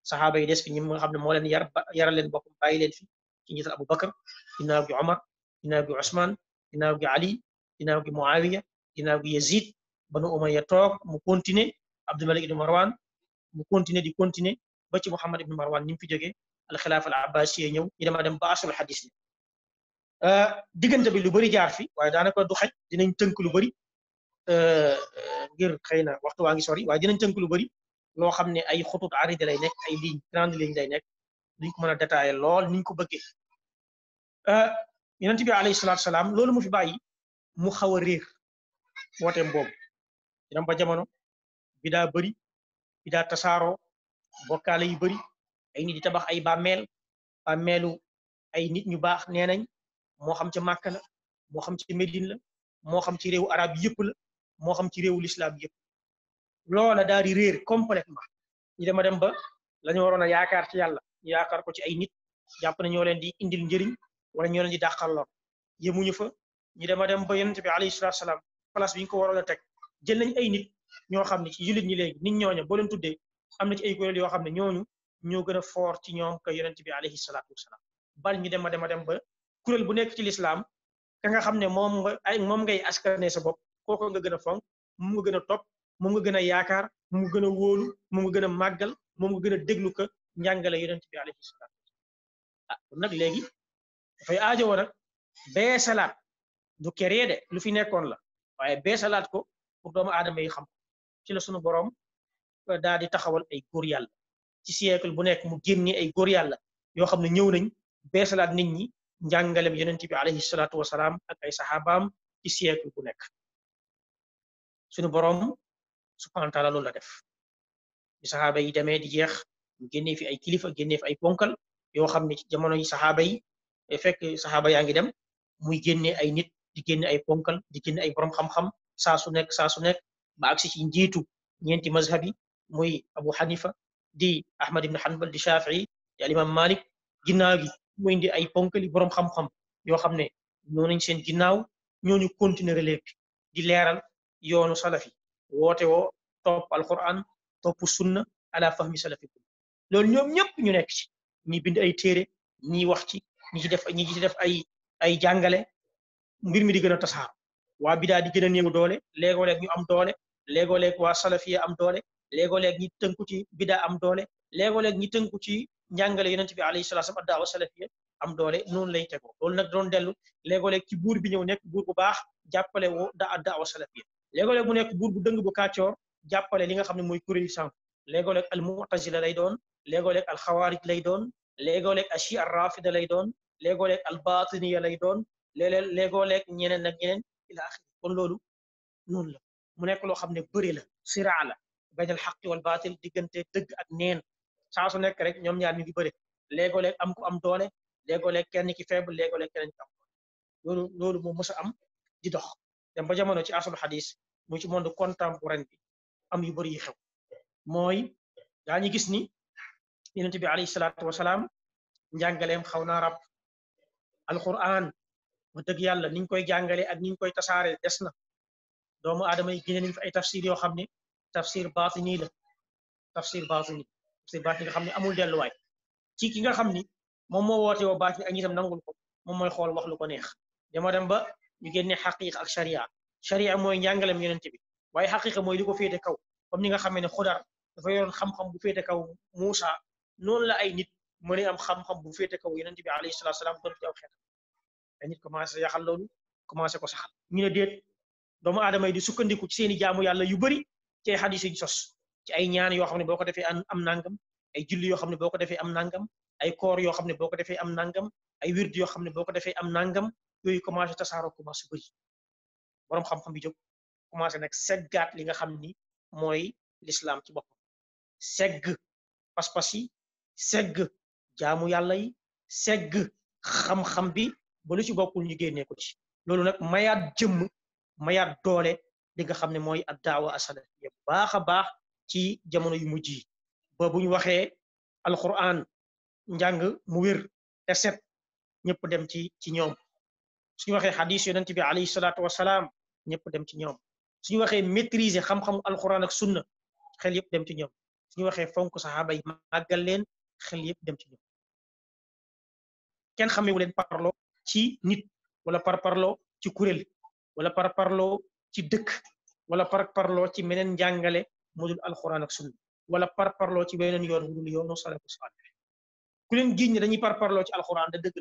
saxaaba yi des fi ñi nga xam ne moo leen yar yaral leen boppam bàyyi leen fi ci njiital Abu Bakar ginnaaw gi Omar ginnaaw gi Ousmane ginnaaw gi Ali ginnaaw gi Muawiya ginnaaw gi Yazid banu Umayya toog mu continuer Abdulmalik ibn Marwan mu continuer di continuer ba ci Muhammad ibn Marwan ni mu fi jógee al xilaafa al abbasiya ñëw ñu dema dem ba asul Euh, diggante bi lu bari jaar fi waaye daanaka du xaj dinañ tënk lu bari bëri euh, euh, ngir xëy na waxtu waa ngi sori waaye dinañ tënk lu bari loo xam ne ay xutut aride lay nekk ay ligne grande ligne lay nekk duñ ko mën a détaillé lool niñ ko bëggee yonent bi alayhi salaatu salaam loolu mu fi bàyyi mu xaw a réer wooteem boobu dina ba jamono bi daa bëri bi daa tasaaroo bokkaale yu bëri ay nit di tabax ay bàmmeel bàmmeelu ay nit ñu baax nee nañ mo xam ci makka la mo xam ci medine la mo xam ci réewu arab yëpp la mo xam ci réewu l'islam yëpp loola daal di réer complètement ñi dama dem ba lañu waroon a yaakaar ci yàlla yaakaar ko ci ay nit jàpp na ñoo leen di indil njëriñ wala ñoo leen di dàqal lor yemuñu fa ñi dama dem ba yonente bi alayhi salatu salaam place bi ñu ko waroon a teg jël nañ ay nit ñoo xam ne ci julit ñi léegi nit ñooña bo leen tuddee am na ci ay kuréel yoo xam ne ñooñu ñoo gën a ci ñoom ka yonente bi alayhi salatu wasalaam bal ñu dem a dem ba kurel bu nekk ci l'islam ka nga xamne ne ay mom ngay askane sa bop koko nga gëna fonk moom nga gëna top topp nga gëna yaakar yaakaar nga gëna wolu wóolu nga gëna magal màggal nga gëna deglu déglu ko njàngale yonent bi alayhi salaam ah nak nag léegi dafay aajowoo nag be salaat du kere de lu fi nekkon la waye be salat ko pour doomu adama yi xam ci la sunu borom euh, daa di taxawal ay góor yalla ci siècle bu nekk mu génne ay góor yalla yo xam ñew nañ be salat nit ñi njàngalem yonent bi alayhi salatu wassalam ak ay sahabam ci siècle bu nek suñu borom subhanahu wa taala loolu la def ci sahaba yi demee di jeex ñu génnee fi ay kilifa génnee fi ay ponkal yo xamni ci jamono yi sahaba yi fekk sahaba yaangi dem muy ay nit di génne ay ponkal di génne ay borom xam-xam sa su nek sa su nek ba ak ci njitu ñenti mazhabi muy Abu Hanifa di Ahmad ibn Hanbal di Shafii di imam Malik ginnaaw gi mu indi ay ponkali boroom xam-xam yoo xam ne ñoo nañ seen ginnaaw ñoo continuer relève bi di leeral yoonu salafi woote woo topp alquran topp sunna ala fahmi salafi loolu ñoom ñëpp ñu nekk ci ñi bind ay téere ñi wax ci ñi ci def ñi ci def ay ay jàngale mbir mi di gën a tasaar waa bidaa di gën a doole léegoo leeg ñu am doole léegoo leeg waa salafiya am doole léegoo leeg ñi tënku ci bidaa am doole léegoo-léeg ñi tënku ci njàngale yonent bi alayhi salaatu salaam addaawa salafiya am doole noonu lay tegoo loolu nag doon dellu léegoo-léeg ci buur bi ñëw nekk buur bu baax jàppale woo da addaawa salafiya léegoo-léeg mu nekk buur dëng bu kàccoor jàppale li nga xam ne mooy kuréel sànq léegoo-léeg al mu'tazila lay doon léegoo-léeg al xawaarij lay doon léegoo-léeg al shia rafida lay doon léegoo-léeg al batiniya lay doon léeg-léeg léegoo-léeg ñeneen ak ñeneen ila axiri kon loolu noonu la mu nekk loo xam ne bëri la siraa la baynal xaqi wal baatil diggante dëgg a neen saa su nekk rek ñoom ñaar ñu ngi bëri léegoo-leeg am ko am doole léegoo-leeg kenn ki faible léegoo-leeg keneen ki am loolu loolu moo mës am di dox dem ba jamono ci asul xadis mu ci monde contemporain bi am yu bëri yi xew mooy daa ñu gis ni yonent bi alayhi salaatu wasalaam njàngaleem xaw na rab alquran wax dëgg yàlla niñ koy jàngale ak niñ koy tasaare des na doomu aadama yi génne nañ fi ay tafsir yoo xam ne tafsir baatini la tafsir baatini si baat yi nga xam ne amul delluwaay ci ki nga xam ni moom moo woote woo baat yi ak ñitam nangul ko moom mooy xool wax lu ko neex dama dem ba ñu génne xaqiqa ak sharia sharia mooy njàngalem yonent bi waaye xaqiqa mooy li ko féete kaw comme ni nga xamee ne xudar dafa yoroon xam-xam bu féete kaw Muusa noonu la ay nit mën am xam-xam bu féete kaw yonent bi alayhi salaatu salaam doon ci aw xeetam ay nit commencé yaxal loolu commencé ko saxal ñu ne déet doomu aadama yi di sukkandiku ci seeni jaamu yàlla yu bëri ci ay xadis yi sos ci ay ñaan yoo xam ne boo ko defee am nangam ay julli yoo xam ne boo ko defee am nangam ay koor yoo xam ne boo ko defee am nangam ay wird yoo xam ne boo ko defee am nangam yooyu commencé tasaaroo commencé bëri borom xam-xam bi jóg commencé nag seggaat li nga xam ni mooy lislaam ci boppam segg pas-pas yi segg jaamu yàlla segg xam-xam bi ba lu ci bokkul ñu génnee ko ci loolu nag mayaat jëmm mayaat doole li nga xam ne mooy ad daawa asalafiya bu baax a baax ci jamono yu mujj yi ba bu alquran njang mu wër té set ñepp dem ci ci ñom suñu waxé hadith yonent bi alayhi salatu wassalam ñepp dem ci ñom suñu waxé maîtriser xam xam alquran ak sunna xel yëpp dem ci ñom suñu waxé fonk sahaba yi magal leen xel yëpp dem ci ñoom xamé wu leen parlo ci nit wala par parlo ci kurel wala par parlo ci dëkk wala par parlo ci menen jangale mu alquran ak sunna wala parlo ci beneen yoon wu dul yoonu salafu saalih ku leen giñ dañuy par parlo ci alquran da deug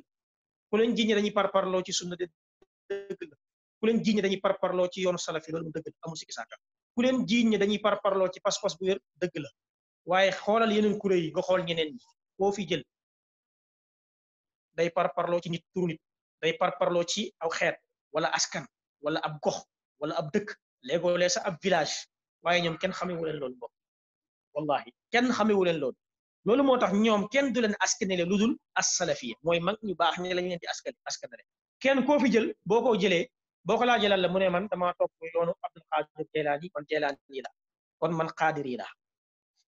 ku leen giñ dañuy par parlo ci sunna da deug ku leen giñ dañuy par parlo ci yoonu salafi loolu deug la amu ci sakka ku leen giñ dañuy par parlo ci pas-pas bu wér deug la waye xolal yeneen kuréel yi nga xol ñeneen ñi ko fi jël day parlo ci nit tur nit day parlo ci aw xet wala askan wala ab gox wala ab dëkk lego lesa ab village waaye ñoom kenn xamewu leen loolu bokk wallahi kenn xamewu leen loolu loolu moo tax ñoom kenn du leen askanale lu dul as-salafiyya mooy mag ñu baax ñi lañ leen di askan askanale kenn koo fi jël boo ko jëlee boo ko laajee lan la mu ne man damaa topp yoonu Abdul Qaadir Jeylaani kon Jeylaani la kon man Qaadiri la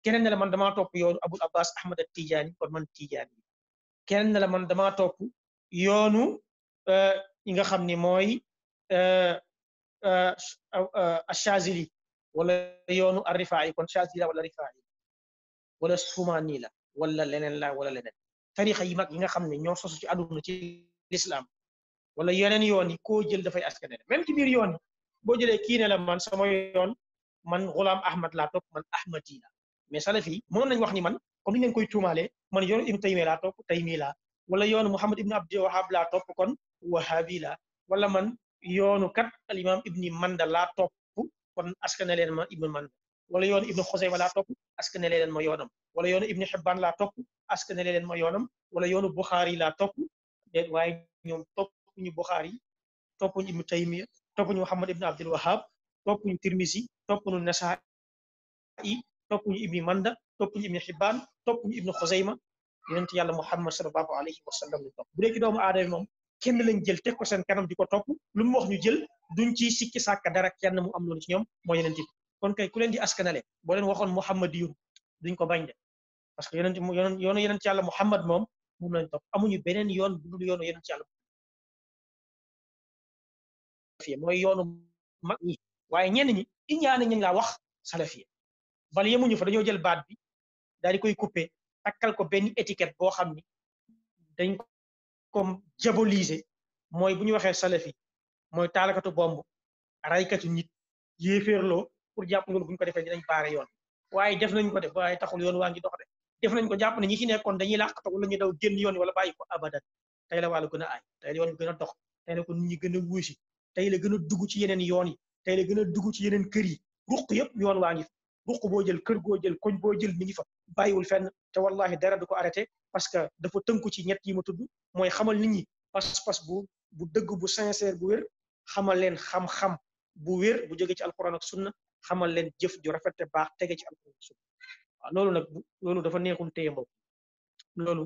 keneen ne la man dama topp yoonu Abul Abbas Ahmad Tijaani kon man Tijaani la keneen ne la man dama topp yoonu yi nga xam ni mooy ashazili ولا يونو الرفاعي كون شازيلا ولا رفاعي ولا سفمانيلا ولا لنن لا ولا لنن تاريخ يمك ييغا خامني ньо سوسو سي ادونا سي الاسلام ولا يينن يوني كو جيل دافاي اسكنن ميم تي بير يوني بو جيلي كي نلا يون مان غلام احمد لا توك مان احمدينا مي سلفي مون نان واخني مان كوم ني نكوي تومالي مان يون ابن تيميه توك تيميه ولا يون محمد ابن عبد الوهاب لا كون وهابي ولا مان يونو كات الامام ابن مندلا kon askane leen ma ibnu man wala yoonu ibnu xoseyma wala topp askane leen ma yoonam wala yoonu ibnu xibbaan laa topp askane leen ma yoonam wala yoonu buxaari laa topp déet waaye ñoom toppuñu buxaari toppuñu ibnu taymiya toppuñu muhammad ibnu abdul wahab toppuñu tirmisi toppuñu nasaa'i toppuñu ibnu manda toppuñu ibnu xibbaan toppuñu ibnu xoseyma yonent yàlla muhammad sallallahu alayhi wa sallam bu dee doomu aadama moom kenn lañ jël te ko seen kanam di ko topp lu mu wax ñu jël duñ ci sikki sàkka dara kenn mu am loolu ci ñoom moo yeneen bi kon kay ku leen di askanale boo leen waxoon Muhammad yu duñ ko bañ de parce que yonent yoon yoonu yonent yàlla Muhammad moom moom lañ topp amuñu beneen yoon bu dul yoonu yonent mooy yoonu mag ñi waaye ñenn ñi iñaane ñañ laa wax salafiya bal yemuñu fo dañoo jël baat bi daal di koy coupé takkal ko benn étiquette boo xam ni dañ comme diaboliser mooy bu ñu waxee salafi mooy taalakatu bomb raykatu nit yéeféerloo pour jàpp loolu bu ñu ko defee dinañ baare yoon waaye def nañ ko def waaye taxul yoon waa ngi dox de def ko jàpp ne ñi ci nekkoon dañuy làqatu wala ñu daw génn yoon wala bàyyi ko abadan tey la wàllu gën a aay tey la yoon gën a dox tey la ko nit ñi gën a wuusi tey la gën a dugg ci yeneen yoon yi tey la gën a dugg ci yeneen kër yi ruq yëpp yoon waa ngi fa ruq boo jël kër goo jël koñ boo jël mi ngi fa bàyyiwul fenn te wallahi dara du ko arrêté parce que dafa tënku ci ñet yi mu tuddu moy xamal nit ñi pass pass bu bu deug bu sincère bu wër xamal leen xam-xam bu wër bu jóge ci alcorane ak sunna xamal leen jëf ju rafet te baax tege ci alcorane ak sunna waaw loolu nag loolu dafa neexul téye mbok lolu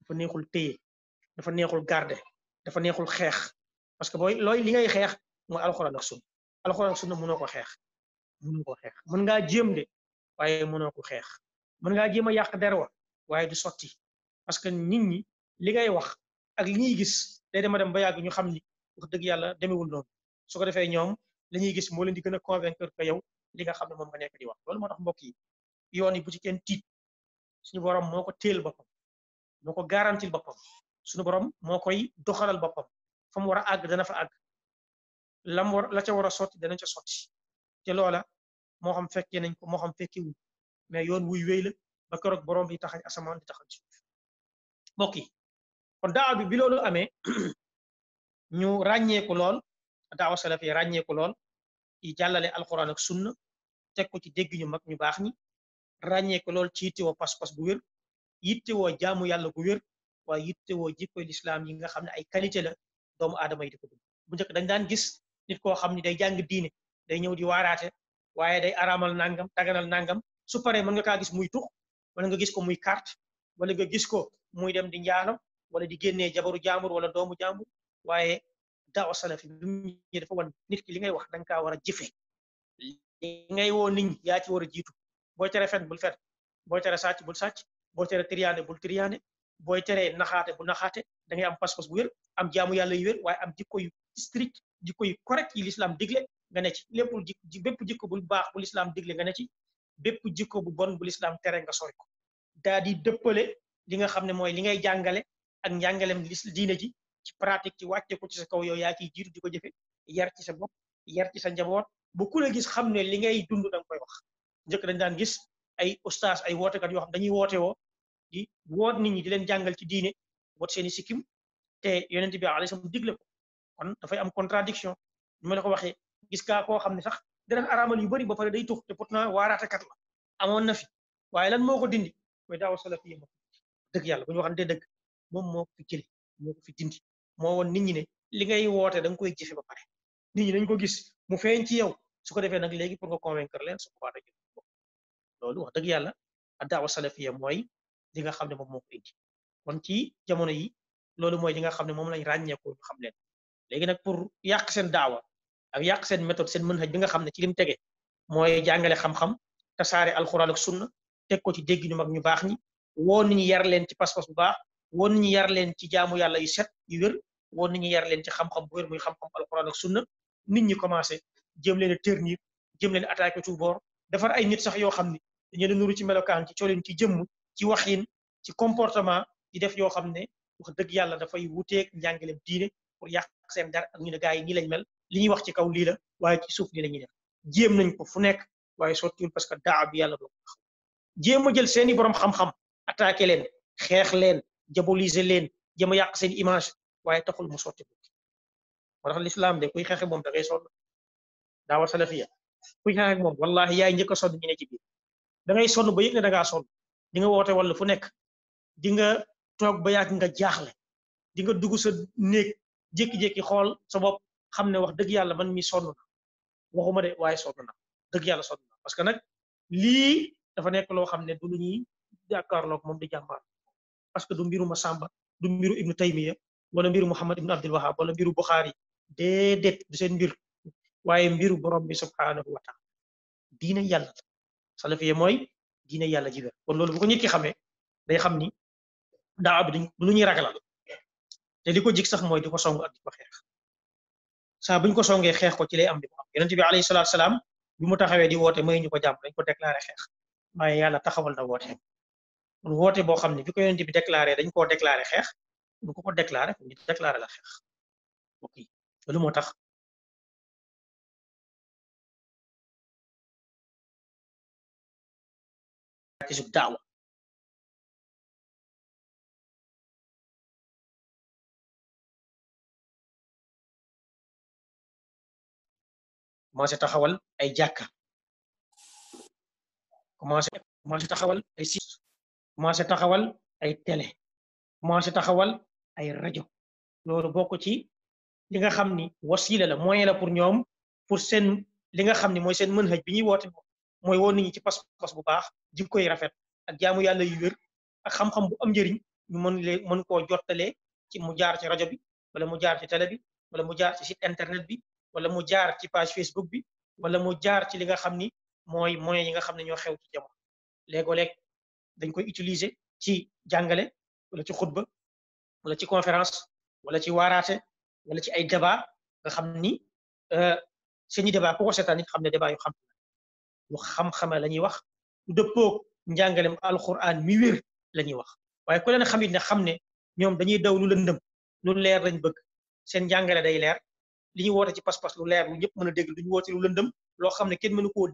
dafa neexul téye dafa neexul garder dafa neexul xex parce que boy loy li ngay xex mooy alcorane ak sunna alcorane ak sunna mëno ko xex mëno ko xex mën nga jëm de waye mëno ko xex mën nga jëma yaq derwa waaye du sotti parce que nit ñi li ngay wax ak li ñuy gis day dema dem ba yàgg ñu xam ni dëgg yàlla demewul noonu su ko defee ñoom la ñuy gis moo leen di gën a convaincre que yow li nga xam ne moom nga nekk di wax loolu moo tax mbokk yi yoon yi bu ci kenn tiit suñu borom moo ko téel boppam moo ko garantil boppam suñu borom moo koy doxalal boppam fa mu war a àgg dana fa àgg lam war la ca war a sotti dana ca sotti te loola moo xam fekkee nañ ko moo xam fekkewul mais yoon wuy wéy la ba keroog borom bi taxañ asaman di taxañ suuf mbokk yi kon daawa bi bi loolu amee [CLEARS THROAT] ñu ràññeeku lool daawa salaf yi ràññeeku lool yi jàllale alquran ak sunna teg ko ci dégg ñu mag ñu baax ñi ràññeeku lool ci yittewoo pas-pas bu wér yittewoo jaamu yàlla gu wér waaye yittewoo jikkoy lislaam yi nga xam ne ay qualité la doomu aadama yi di ko dund bu njëkk dañ daan gis nit koo xam ni day jàng diine day ñëw di waaraate waaye day araamal nangam taganal nangam su paree mën nga kaa gis muy tux wala nga gis ko muy carte wala nga gis ko muy dem di njaalam wala di génnee jabaru jaambur wala doomu jaambur waaye daawa salafi bi ñu dafa wan nit ki li ngay wax da nga kaa war a jëfe li ngay woo nit ñi yaa ci war a jiitu booy tere fen bul fen booy tere sàcc bul sàcc booy tere triyaane bul triyaane booy tere naxaate bu naxaate da ngay am pas-pas bu wér am jaamu yàlla yu wér waaye am jikko yu strict jikko yu correct yi l'islam digle nga ne ci lépp ji bépp jikko bu baax l'islam digle nga ne ci bépp jikko bu bon bu lislaam tere nga ko daa dëppale li nga xam ne mooy li ngay jàngale ak njàngalem diine ji ci pratique ci wàcce ko ci sa kaw yow yaa ciy jiitu di ko jëfe yar ci sa bop yar ci sa njaboot bu ku la gis xam ne li ngay dund da nga wax njëkk dañ daan gis ay ustaas ay woote wootekat yoo xam dañuy woote woo di woot nit ñi di leen jàngal ci diine woot seeni sikkim te yonent bi alayhi salaam digle ko kon dafay am contradiction ñu ma la gis kaa koo xam ne sax dana araamal yu bëri ba pare day tux te pourtant waaraatekat la amoon na fi waaye lan moo ko dindi mooy daawa salafiya moom dëgg yàlla bu ñu waxante dëgg moom moo ko fi jëli moo ko fi dindi moo woon nit ñi ne li ngay woote da koy jëfe nit ñi dañ ko gis mu feeñ ci yow su ko defee nag léegi pour nga convaincre leen su loolu wax dëgg yàlla ak daawa salafiya mooy li nga xam ne moom moo ko kon ci jamono yi loolu mooy li nga xam ne moom lañ ràññeekoo ñu xam leen léegi nag pour yàq seen daawa ak yàq seen méthode seen manhaj bi nga xam ne ci lim tege mooy jàngale xam-xam tasaare alxuraan ak sunna teg ko ci dégg ñu mag ñu baax ñi woo nit ñi yar leen ci pas-pas bu baax woo nit ñi yar leen ci jaamu yàlla yu set yu wér woo nit ñi yar leen ci xam-xam bu wér muy xam-xam alxuraan ak sunna nit ñi commencé jëm leen a ternir jëm leen attaqué tout bord defar ay nit sax yoo xam ne dañu la nuru ci melokaan ci colin ci jëmm ci waxin ci comportement di def yoo xam ne wax dëgg yàlla dafay wuteeg njàngaleem diine pour yàq seen dar ak ñu ne gaa yi ñi lañ mel liñ wax ci kaw li la waye ci suuf lii lañu def jëm nañ ko fu nekk waaye sottiwul parce que daa bi yalla do wax jéem jël seeni borom xam-xam attaquer len xex len jaboliser len jëm yaq seen image waye taxul mu sotti ko moo tax de kuy xexé mom da ngay sonn daawa salafiya kuy xeexe mom wallahi yaay ñëk a sonn ñu ne ci biir da ngay sonn ba yëk ne da nga sonn di nga wote wala fu nek di nga tok ba yaak nga jaxlé di nga dugg sa néeg jékki-jékki xol sa bop xamne wax deug yalla man mi sonu waxuma de way sonu na deug yalla sonu na parce que nak lii dafa nek lo xamne du luñuy ñuy lok mom di jambar parce que du mbiru Masamba du mbiru Ibnu Taymiya wala mbiru Muhammad Ibnu Abdul Wahhab, wala mbiru Bukhari det du sen mbir waye mbiru borom bi subhanahu wa taala dina yalla salafiye moy dina yalla jibe kon loolu bu ko nit ki day xam ni daa ab luñuy ragalal te liko ko sax moy di songu ak di xex sa buñ ko songé xex ko ci lay am di mu am yonente bi alayhi salatu wassalam bi mu taxawé di woté may ñu ko jàmm dañ ko déclarer xex may yàlla taxawal da woté kon woté bo xamni bi ko yaronte bi déclarer dañ ko déclarer xex bu ko ko déclarer ñu déclarer la xex ok lu moo tax kisub daawa commencé taxawal ay jàkka commencé commencé taxawal ay site commencé taxawal ay télé commencé taxawal ay rajo loolu bokk ci li nga xam ni wasila la moyen la pour ñoom pour seen li nga xam ni mooy seen mën haj bi ñuy woote mooy woo nit ñi ci pas-pas bu baax jikko yi rafet ak jaamu yàlla yu wér ak xam-xam bu am njëriñ ñu mën leen mën ci mu jaar ci bi wala mu jaar ci télé bi wala mu jaar ci site internet bi wala mu jaar ci page Facebook bi wala mu jaar ci li nga xam ni mooy moyens yi nga xam ne ñoo xew ci jamono léegoo-léeg dañ koy utiliser ci jàngale wala ci xutba wala ci conférence wala ci waaraate wala ci ay débat nga xam ni euh, seeni débat ku ko seetaan nit xam ne débat yu xam yu xam la ñuy wax lu njàngalem alquran mi wér wax waaye ku leen xam it ne xam ne ñoom dañuy daw lu lëndëm lu leer lañ bëgg seen njàngale day leer li ñu woote ci pas-pas lu leer lu ñëpp mën a dégg du ñu woote lu lëndëm loo xam ne kenn mënu koo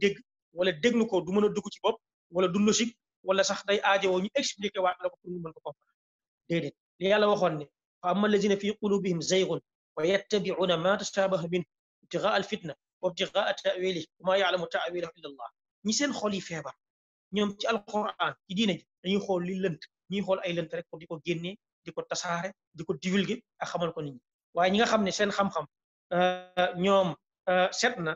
wala déglu ko du mën a dugg ci bopp wala du logique wala sax day aajowoo ñu expliqué waat la ko ko comprendre yàlla waxoon ne fa amma allazina fi qulubihim zaygun wa yattabi'una ma tashabaha minhu ibtigaa al fitna wa ibtigaa ta'wili wa ma ya'lamu ta'wilahu ta allah ñi seen xol yi feebar ñoom ci alquran ci diine ji dañuy xool li lënt ñuy xool ay lënt rek pour di ko génnee di ko tasaare di ko divulguer ak xamal ko nit waaye ñi nga xam ne seen xam-xam Euh, ñoom euh, set na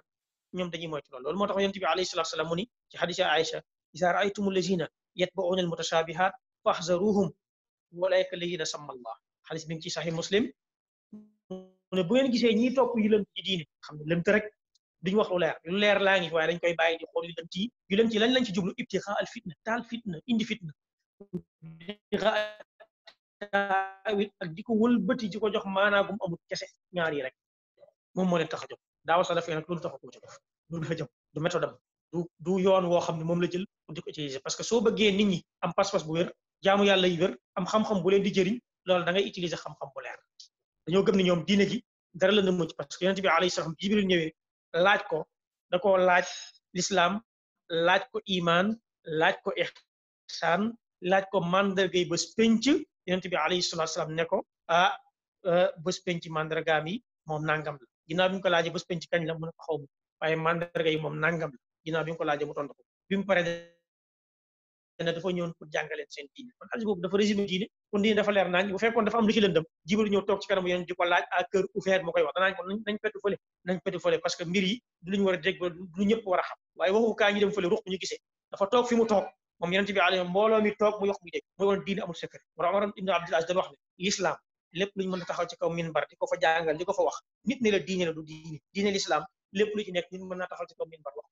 ñoom dañuy moytu lool loolu moo tax yonent bi alayhi salaatu salaam mu ni ci xadisa Aïcha iza raaytum allazina yatba'una almutashabihat fahzaruhum walayka allazina samma allah xadis bi ngi ci saxi muslim mu ne bu ngeen gisee ñi topp yu lënt ci diine xam ne lënt rek duñu wax lu leer lu leer laa ngi waaye dañ koy bàyyi di xool yi yu lënt yi lañ lañ ci jublu ibtixa al fitna taal fitna indi fitna ak di ko wëlbati di ko jox maanaagum amul kese ñaar rek mom mo len taxa jox jóg daawa salaf yi nag loolu tax a koo jóg loolu dafa jëm du méthode am du yoon wo xamni mom la jël di ko utiliser parce que so bëggee nit ñi am pass pass bu wër jaamu yalla yi wër am xam-xam bu len di jëriñ lool da ngay utiliser xam-xam bu leer dañu gëm ni ñom diine gi dara la nëmmu ci parce que yantibi alayhi salam Jibril ñëwé laaj ko da ko laaj l'islam laaj ko iman laaj ko ihsan laaj ko mandar gay penc yonent yantibi alayhi salam ne ko ah euh, bés penc mandargaam yi mom nangam la ginnaaw bi ñu ko laajee bés penc kañ la mun a xaw ma waaye mandarga yi moom nangam la ginnaaw bi ko laajee mu tontu seen diine kon xadis boobu dafa résumé diine kon diine dafa leer naañ bu fekkoon dafa am lu ci lëndëm jibril ñëw toog ci kanamu yéen di ko laaj à cœur ouvert mu koy wax danaañ nañ pettu fële nañ parce que mbir du luñu war a dégg a xam waaye waxu kaa ñu dem fële ruq ñu gisee dafa toog fi mu toog moom yonent bi alayhi mbooloo mi mu yox muy dégg mooy lépp luñ mën a taxaw ci kaw minbar di ko fa jàngal di ko fa wax nit ne la diine la du diine diine l'islam lépp lu ci nekk nit mën naa taxaw ci kaw minbar wax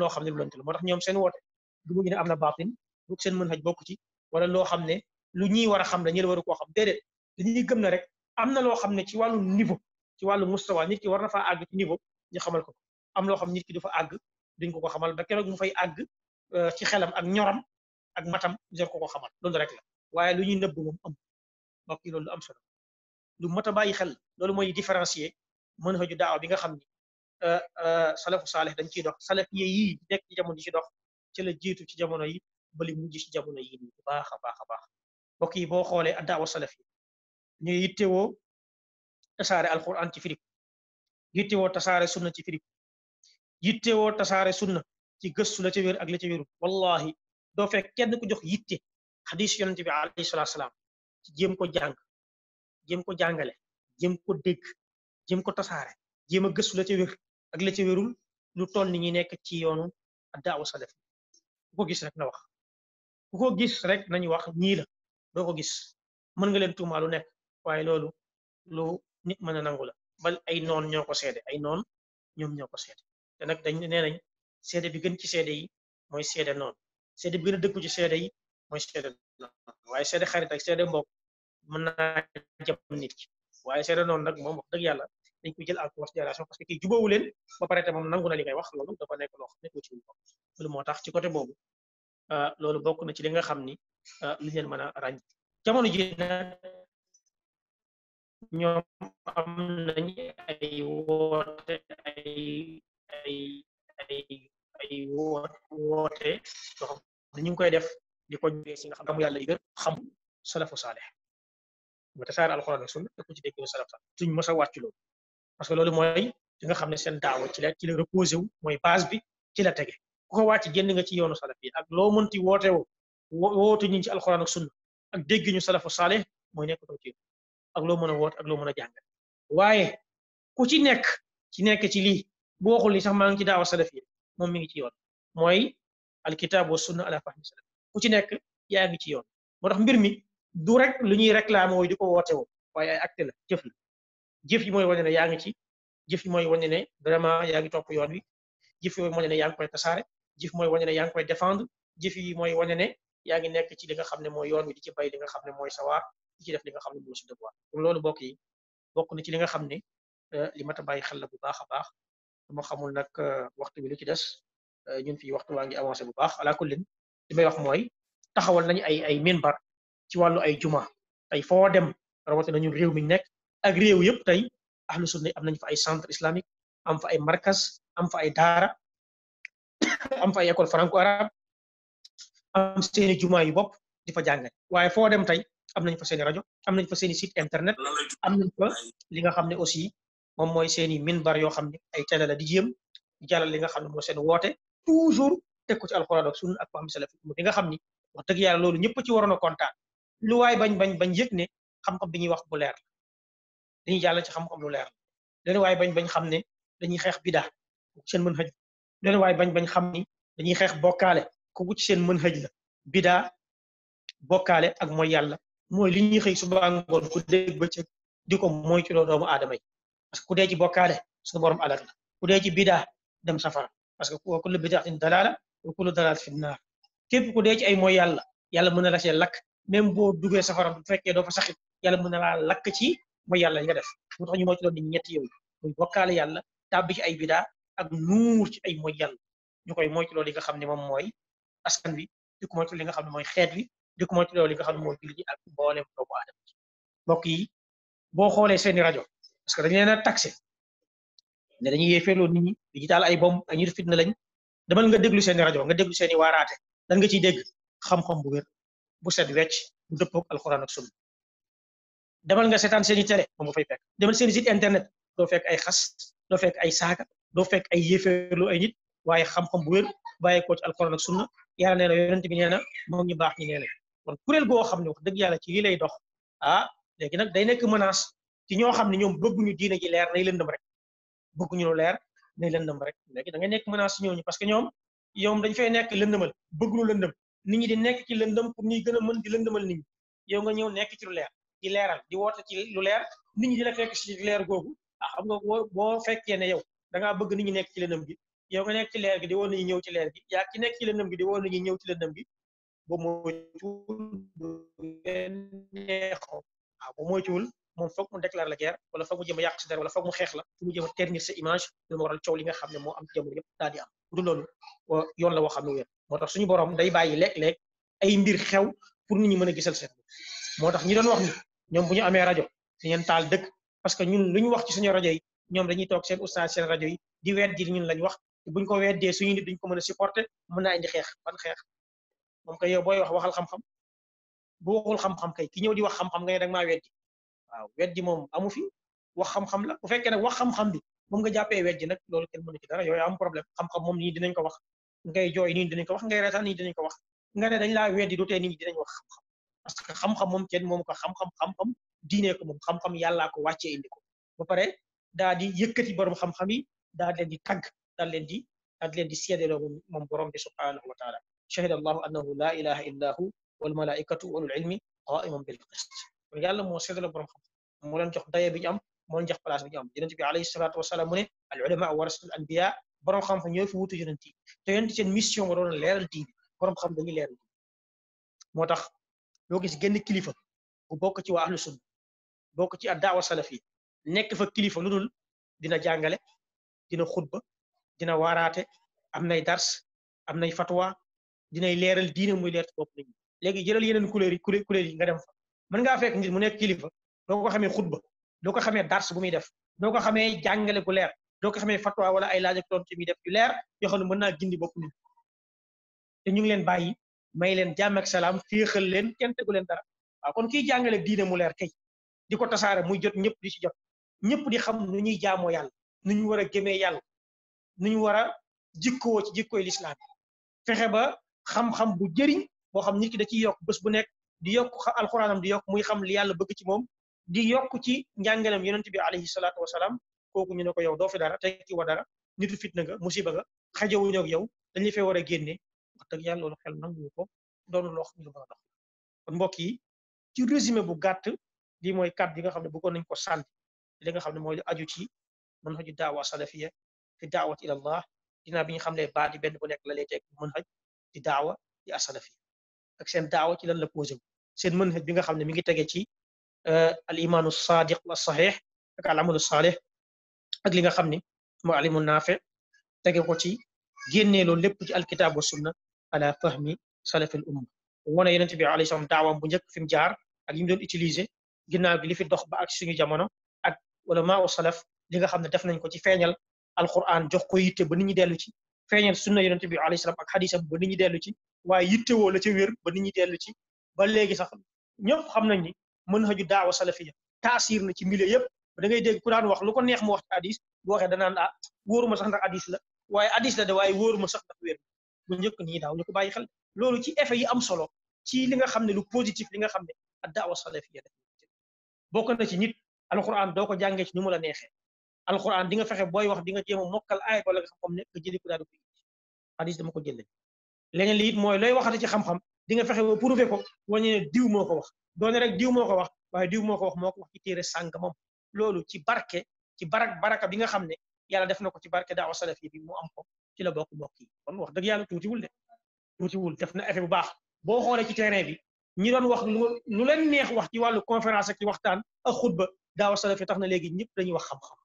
loo xam ne lu lënt la moo tax ñoom seen woote du mujj ne am na baatin bu seen mën xaj bokk ci wala loo xam ne lu ñuy war a xam la ñu war a koo xam déedéet dañuy gëm na rek am na loo xam ne ci wàllu niveau ci wàllu mustawa nit ki war na faa àgg ci niveau ñu xamal ko am loo xam nit ki du fa àgg duñ ko ko xamal ba keroog mu fay àgg euh, ci xelam ak ñoram ak matam jor ko ko xamal loolu rek la waaye lu ñuy nëbb mbokk yi loolu am solo lu mata a bàyyi xel loolu moy différencier mën fa ju daaw bi nga xamni euh euh salafu salih dañ ci dox salaf yi yii nekk ci jamono ci dox ci la jitu ci jamono yi bali mu ci jamono yi bu baakha baakha baax a baax mbokk yi boo xoolee addaawa salaf yi ñu yitté wo tasare alquran ci yitté wo tasare sunna ci yitté wo tasare sunna ci geussu la ci wér ak la ci wër wallahi do fek kenn ku jox yitte hadith yonente bi alayhi salatu wassalam jéem ko jàng jéem ko jàngale jéem ko dégg jéem ko tasaare jéem a gëstu la ca wér ak la ca wérul lu toll ni ñi nekk ci yoonu addaawu salaf ku ko gis rek na wax ko gis rek nañu wax ñii doo ko gis mën nga leen tuuma lu nekk waaye loolu lu nit mën a nangu bal ay noon ñoo seede ay noon ñoom ñoo ko seede te nag dañ nee nañ seede bi gën ci seede yi mooy seede noonu seede bi gën a dëkku ci seede yi mooy seede waaye seede xarit ak seede mbokk mën naa jëm nit ki waaye seede noonu nag moom wax dëgg yàlla dañ ko jël en considération parce que kii jubawu leen ba pare te moom nangu na li ngay wax loolu dafa nekk loo xam ne ci ko loolu moo tax ci côté boobu euh, loolu bokk na ci li nga xam ni euh, li leen mën a jamono ji nag ñoom am nañ ay woote ay ay ay ay koy def di ko ñëwee si nga xam ne yàlla yi gën xam salafu saalih ba tasaare alxuraan ak sunna ko ci dégg nga salaf tuñ mos a wàcc loolu parce que loolu mooy li nga xam ne seen daawa ci la ci la reposé wu mooy base bi ci la tege ku ko wàcc génn nga ci yoonu salaf yi ak loo mënti woote woo wootu ñu ci alxuraan ak sunna ak dégg ñu salafu saalih mooy nekk ko ci ak loo mën a woot ak loo mën a jàngal waaye ku ci nekk ci nekk ci lii bu waxul li sax ngi ci daawa salaf yi moom mi ngi ci yoon mooy alkitaab wa sunna ku ci nekk yaa ngi ci yoon moo tax mbir mi du rek lu ñuy réclamé wooyu di ko woote woo waaye ay acte la jëf la jëf yi mooy wane ne yaa ngi ci jëf yi mooy wane ne vraiment yaa ngi topp yoon wi jëf yooyu wane ne yaa ngi koy tasaare jëf mooy wane ne yaa ngi koy défendre jëf yi mooy wane ne yaa ngi nekk ci li nga xam ne mooy yoon wi di ci bay li nga xam ne mooy sawar di ci def li nga xam ne mooy si devoir kon loolu bokk yi bokk na ci li nga xam ne euh, li mat a bàyyi xel la bu baax a baax dama xamul nag euh, waxtu bi lu ci des euh, ñun fii waxtu waa ngi avancé bu baax ala kullin li may wax mooy taxawal nañu ay ay minbar ci wàllu ay juma tey foo dem rawatina ñun réew mi nekk ak réew yëpp tey ahlu sunna am nañ fa ay centre islamique am fa ay markas am fa ay daara [COUGHS] am fa ay école seeni juma yu bopp di fa jàngale waaye foo dem tey am nañ fa seeni rajo am nañ fa seeni site internet am nañ fa li nga xam ne aussi moom mooy seeni minbar yoo xam ne ay télé la di jéem jàllal li nga xam ne moo seen woote toujours teg ko ci a ak sunna ak waxam salaf di nga xam ni wax dëgg yàlla loolu ñëpp ci waroon a kontaan lu waay bañ bañ bañ yëg xam-xam bi ñuy wax bu leer la dañuy jàll ci xam-xam lu leer la leen waaye bañ bañ xam ne dañuy xeex bidaa kooku seen mën xëj leen waaye bañ bañ xam ni dañuy xeex bokkaale kooku ci seen mën xëj la bidaa bokkaale ak mooy yàlla mooy li ñuy xëy suba ngoon ku dégg bëccëg di ko mooy ci loo doomu aadama parce que ku dee ci bokkaale suñu borom alal la ku a ci bidaa wa kullu dalaal fi naar képp ku ci ay mooy yàlla yalla mën la cee lakk même boo duggee safara bu ke do fa saxit yalla mën la lak lakk ci mooy yàlla li nga def mu tax ñu mo ci doon nit ñett muy bokkaale yalla tab ci ay bida ak nur ci ay mooy yàlla ñu koy moytu loolu li nga xamni mom moy askan wi di ko ci li nga xamni moy mooy xeet wi di ko ci lo li nga xamni ne mooy jullit yi ak ko doomu ci bokki bo boo seen radio parce que dañ leena taxé né dañuy yéfélo nit ñi digital ay bomb ay ñu fitna lañu demal nga déglu seeni rajo nga déglu seeni warate dan nga ci dégg xam-xam bu wér bu set wecc bu alquran ak sunna demal nga setan seeni téré mo fay fekk demal seeni site internet do fekk ay xas do fekk ay saaga do fekk ay yéefeerlu ay nit waye xam-xam bu wér bàyyi ko ci alquran ak sunna yalla nee na yonent bi nee mo ngi bax ni ñi kon kurel go xamni wax deug yalla ci li lay dox ah léegi nak day nek menace ci ño xamni ñom bëggu ñu diine ji leer nay lëndëm rek bëgguñu lu leer day lëndëm rek léegi da ngay nekk menace ñooñu parce que ñoom yow dañ fay nekk lëndëmal bëgg lu lëndëm nit ñi di nekk ci lëndëm pour ñuy gën a mën di lëndëmal nit ñi yow nga ñëw nekk ci lu leer di leeral di woote ci lu leer nit ñi di la fekk ci leer googu ah xam nga boo fekkee ne yow da ngaa bëgg nit ñi nekk ci lëndëm gi yow nga nekk ci leer gi di woo nit ñëw ci leer gi yaa nekk ci lëndëm gi di woo nit ñi ñëw ci lëndëm gi ba moytuwul waaw ah, ba moytuwul mom fokk mu déclarer la guerre wala fokk mu jëm a ci dara wala fokk mu xex la mu jëm ternir sa image lu ma waral coow li nga xam mo am jamono yëpp daal di am du lolu yoon la woo xam wër motax suñu borom day bayyi léeg-léeg ay mbir xew pour nit ñi mëna gissal sét motax ñi doon wax ni ñom buñu amé radio ci ñen taal dëkk parce que ñun luñu wax ci suñu radio yi ñom dañuy tok seen oustad seen radio yi di wedd ji ñun lañ wax buñ ko wéddé suñu nit duñ ko mëna supporter mëna indi xex ban xex mom kay yow boy wax waxal xam-xam bu waxul xam-xam kay ki ñew di wax xam-xam ngay dag ma wéddi waaw weddi moom amu fi wax xam-xam la bu fekkee nag wax xam-xam bi moom nga jàppee weddi nag loolu kenn mënu ci dara am problème xam-xam moom nii dinañ ko wax ngay jooy dinañ ko wax ngay reetaan nii dinañ ko wax nga ne dañ laa weddi du tee nit ñi dinañ wax parce que xam-xam moom kenn moom ko xam-xam xam-xam diinee ko moom xam-xam yàllaa ko wàccee indi ko ba pare daa di yëkkati borom xam-xam yi daa leen di tagg daa leen di daa leen di seedeloo moom borom bi subhanahu wa taala shahida allahu annahu la ilaha illa hu wal malaikatu wa ulul ilmi qaiman bil qist yàlla moo seetlu borom xam moo leen jox daye bi ñu am moo leen jox place bi ñu am yonent bi alayhi salaatu wasalaam mu ne al ulama warasatul anbiya borom xam fa ñooy fi wutu yonent yi te yonent seen mission nga doon leeral diine borom xam dañuy leeral moo tax loo gis génn kilifa bu bokk ci waa ahlu sunna bokk ci addaawa salafi nekk fa kilifa lu dul dina jàngale dina xutba dina waaraate am nay dars am nay fatwa dinay leeral diine muy leer ci bopp nit ñi léegi jëlal yeneen couleur yi couleur yi nga dem fa man nga fek nit mu nek kilifa do ko xamee khutba do ko xamee dars bu muy def do ko xamee jangale gu leer do ko xamee fatwa wala ay laaj ak ton ci mi def yu leer yo xam ne mën gindi bopp nit te ñu ngi leen bayyi may leen jamm ak leen tegu leen dara wa kon kiy jangale diine mu leer kay di ko muy jot ñepp di ci jot ñepp di xam nu ñuy jaamoo yalla nu ñu wara a yalla nu ñu wara jikko ci jikko l'islam fexe xam-xam bu jëriñ bo xam nit ki da ci yok bu nekk di yokk alxuraanam di yokk muy xam li yàlla bëgg ci moom di yokk ci njàngalem yonent bi alayhi salaatu wasalaam kooku ñu ne ko yow doo fi dara tekki wa dara nitu fitna nga musiba nga xajawuñu ak yow dañuy fee war a génne wax dëgg yàlla loolu xel ko doonu loo xam ne mën a mbokk yi ci résumé bu gàtt li mooy kàddu yi nga xam ne bëggoon nañ ko sànni li nga xam ne mooy lu aju ci manhaju daawa salafiya fi daawat ila allah dinaa bi ñu xam ne baat yi benn bu nekk la lay teg manhaj di daawa di asalafiya ak seen daawa ci lan la posé seen manhaj bi nga xamne mi ngi tege ci euh al iman as sadiq wa sahih ak al amalu salih ak li nga xamne mo moo alimu nafi tege ko ci genné lo lépp ci al kitab wa sunna ala fahmi salaf al umma wone yonent bi alayhi salaam daawaam bu ñek fim jaar ak yim doon utiliser ginnaaw gi li fi dox ba ak suñu jamono ak wala ma wa salaf li nga xamne def nañ ko ci feñal al qur'an jox ko yitte ba nit ñi delu ci feñal sunna yonent bi alayhi salaam ak xadisam ba nit ñi delu ci waye yitte wo la ci wér ba nit ñi delu ci ba léegi sax ñëpp xam nañ ni mën haju daawa salafiya taasir na ci milieu yëpp da ngay dégg ku daan wax lu ko neex mu wax ci hadis bu waxee danaan ah wóoruma sax ndax hadis la waaye hadis la de waaye wóoruma sax ndax wér bu njëkk nii daaw ñu ko bàyyi xel loolu ci effet yi am solo ci li nga xam ne lu positif li nga xam ne ak daawa salafiya def bokk na ci nit alquran doo ko jàngee ci ni mu la neexee alquran di nga fexe booy wax di nga jéem a mokkal aay wala nga xam ne nga jëli ku daal di ko hadis dama ko jëlee leneen li it mooy looy waxate ci xam-xam di nga fexe ba prouver ko wañu ne diw moo wax doone rek diw moo ko wax waaye diw moo ko wax moo ko wax ci téere sàng moom loolu ci barke ci barak baraka bi nga xam ne yàlla def na ko ci barke daawa salafi bi mu am ko ci la bokk mbokk yi kon wax dëgg yàlla tuutiwul de tuutiwul def na effet bu baax boo xoolee ci terrain bi ñi doon wax lu leen neex wax ci wàllu conférence ak ci waxtaan ak xutba daawa salafi tax na léegi ñëpp dañuy wax xam-xam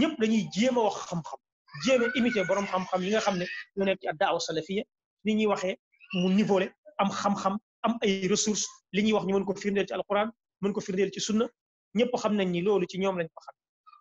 ñëpp dañuy jéem a wax xam-xam jéem imiter borom xam-xam yi nga xam ne ñu nekk ci daawa salafiya ni ñuy waxee mu nivolé am xam-xam am ay ressources li ñuy wax ñu mën ko firndeel ci alquran mën ko firndeel ci sunna ñepp xam nañ ni loolu ci ñoom lañ ko xam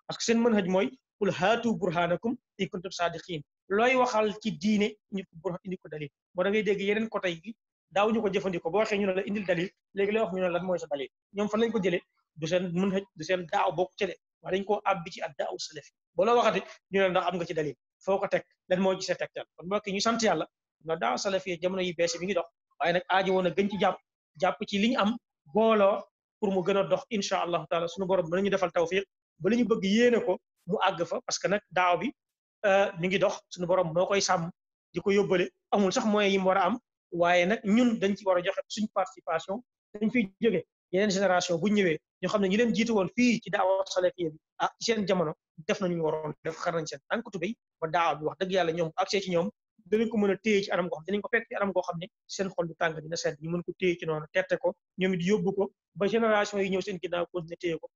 parce que seen manhaj mooy qul hatu burhanakum in kuntum sadiqin looy waxal ci diine ñu ko burhan indi ko dalil moo da ngay dégg yeneen côté yi daaw ñu ko jëfandikoo bo waxe ñu la indil dalil léegi lay wax ñu la lan mooy sa dalil ñoom fa lañ ko jëlé du seen manhaj du seen daaw bok ci dé wa dañ koo àbbi ci ak daaw salaf bo la waxati ñu la ndax am nga ci dalil foko tek lan mo ci sa tegtal kon mbokk ñu sant yalla na daaw salaf yi jamono yi bëss bi ngi dox waaye nag aajo woon a gën ci jàpp jàpp ci li ñu am booloo pour mu gën a dox incha allah taala suñu borom danañu defal tawfiq ba li ñu bëgg yéene ko mu àgg fa parce que nag daaw bi euh, mi ngi dox suñu borom moo koy sàmm di ko yóbbale amul sax moyens yi mu war a am waaye nag ñun dañ ci war a joxe suñ participation dañ fiy jóge yeneen génération bu ñëwee ñoo xam ne ñi leen jiitu woon fii ci daawa salafiyya bi ah seen jamono def nañu waroon def xar nañ seen tànk tubéy ba daawa bi wax dëgg yàlla ñoom accès ci ñoom dinañ ko mën a téye ci anam goo xam ko fekk ci anam xam ne seen xol du tàng dina sedd ñu ko téye ci noonu tette ko ñoom it yóbbu ko ba génération yi ñëw seen ginnaaw continué téye ko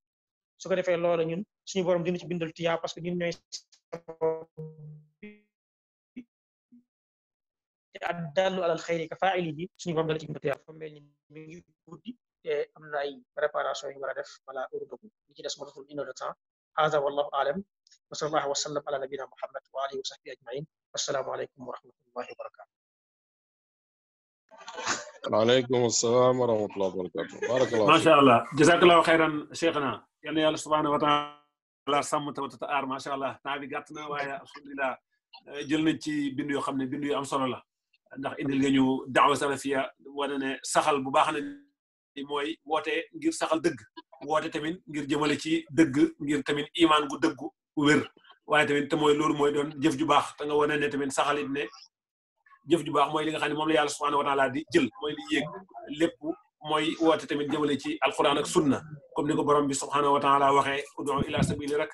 su ko defee loola ñun suñu borom dina ci bindal tiyaa parce que ñun ñooy addallu alal xayri ka faa'ilihi suñu borom dana ci bindal tiyaa fa mel ni mi ngi guddi te am na ay préparation yu ñu war a def wala heure dugg li ci des ma daful une heure de temps hada wallahu aalam wa sallallahu wa sallam ala nabina muhammad wa alihi wa sahbihi ajmain السلام عليكم ورحمه الله وبركاته وعليكم السلام ورحمه الله وبركاته بارك الله ما شاء الله جزاك الله خيرا شيخنا يعني الله سبحانه وتعالى سمت وتتار ما شاء الله نابي قاتنا ويا الحمد لله جلنا نان سي بيند يو خامني الله يو ام سولو لا ndax indil nga ñu daawa salafia wane ne saxal bu baax la mooy woote ngir saxal dëgg woote tamit ngir jëmale ci dëgg ngir tamit imaan gu dëggu wér waye tamit te moy lolu moy don jëf ju bax te nga wane ne tamit saxalit ne jëf ju bax moy li nga xam mom la yàlla subhanahu wa taala di jël moy li yegg lépp moy wote tamit jëmale ci alquran ak sunna comme niko borom bi subhanahu wa taala waxe udu ila sabili rak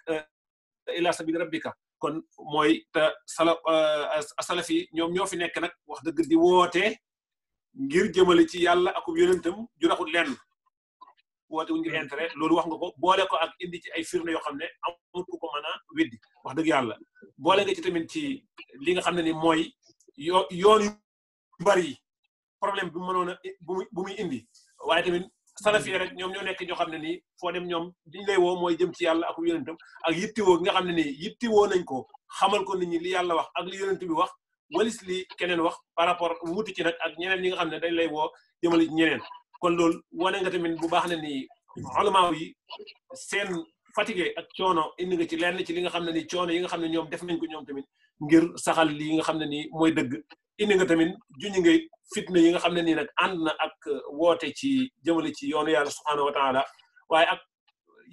ila sabili rabbika kon moy ta salaf asalafi ñom ñofi nek nak wax deug di wote ngir jëmale ci yàlla akub yonentam ju raxul lenn woote wu ngir intérêt loolu wax nga ko boole ko ak indi ci ay firne yoo xam ne amul ku ko mën a weddi wax dëgg yàlla boole nga ci tamit ci li nga xam ne ni mooy yoo yoon yu bari problème bi mënoon a bu muy indi waaye tamit salafi rek ñoom ñoo nekk ñoo xam ne ni foo dem ñoom diñ lay woo mooy jëm ci yàlla ak yonentam ak yittiwoo gi nga xam ne ni nii yittiwoo nañ ko xamal ko nit ñi li yàlla wax ak li yonent bi wax walis li keneen wax par rapport wuuti ci nag ak ñeneen ñi nga xam ne dañ lay woo jëmale ci kon lool wone nga tamit bu baax na ni ulama yi seen fatigué ak coono indi nga ci lenn ci li nga xam ne ni coono yi nga xam ne ñoom def nañ ko ñoom tamit ngir saxal li nga xam ne ni mooy dëgg indi nga tamit juñu nga fitna yi nga xam ne nii nag ànd na ak woote ci jëmale ci yoonu yàlla subhanahu wa taala waaye ak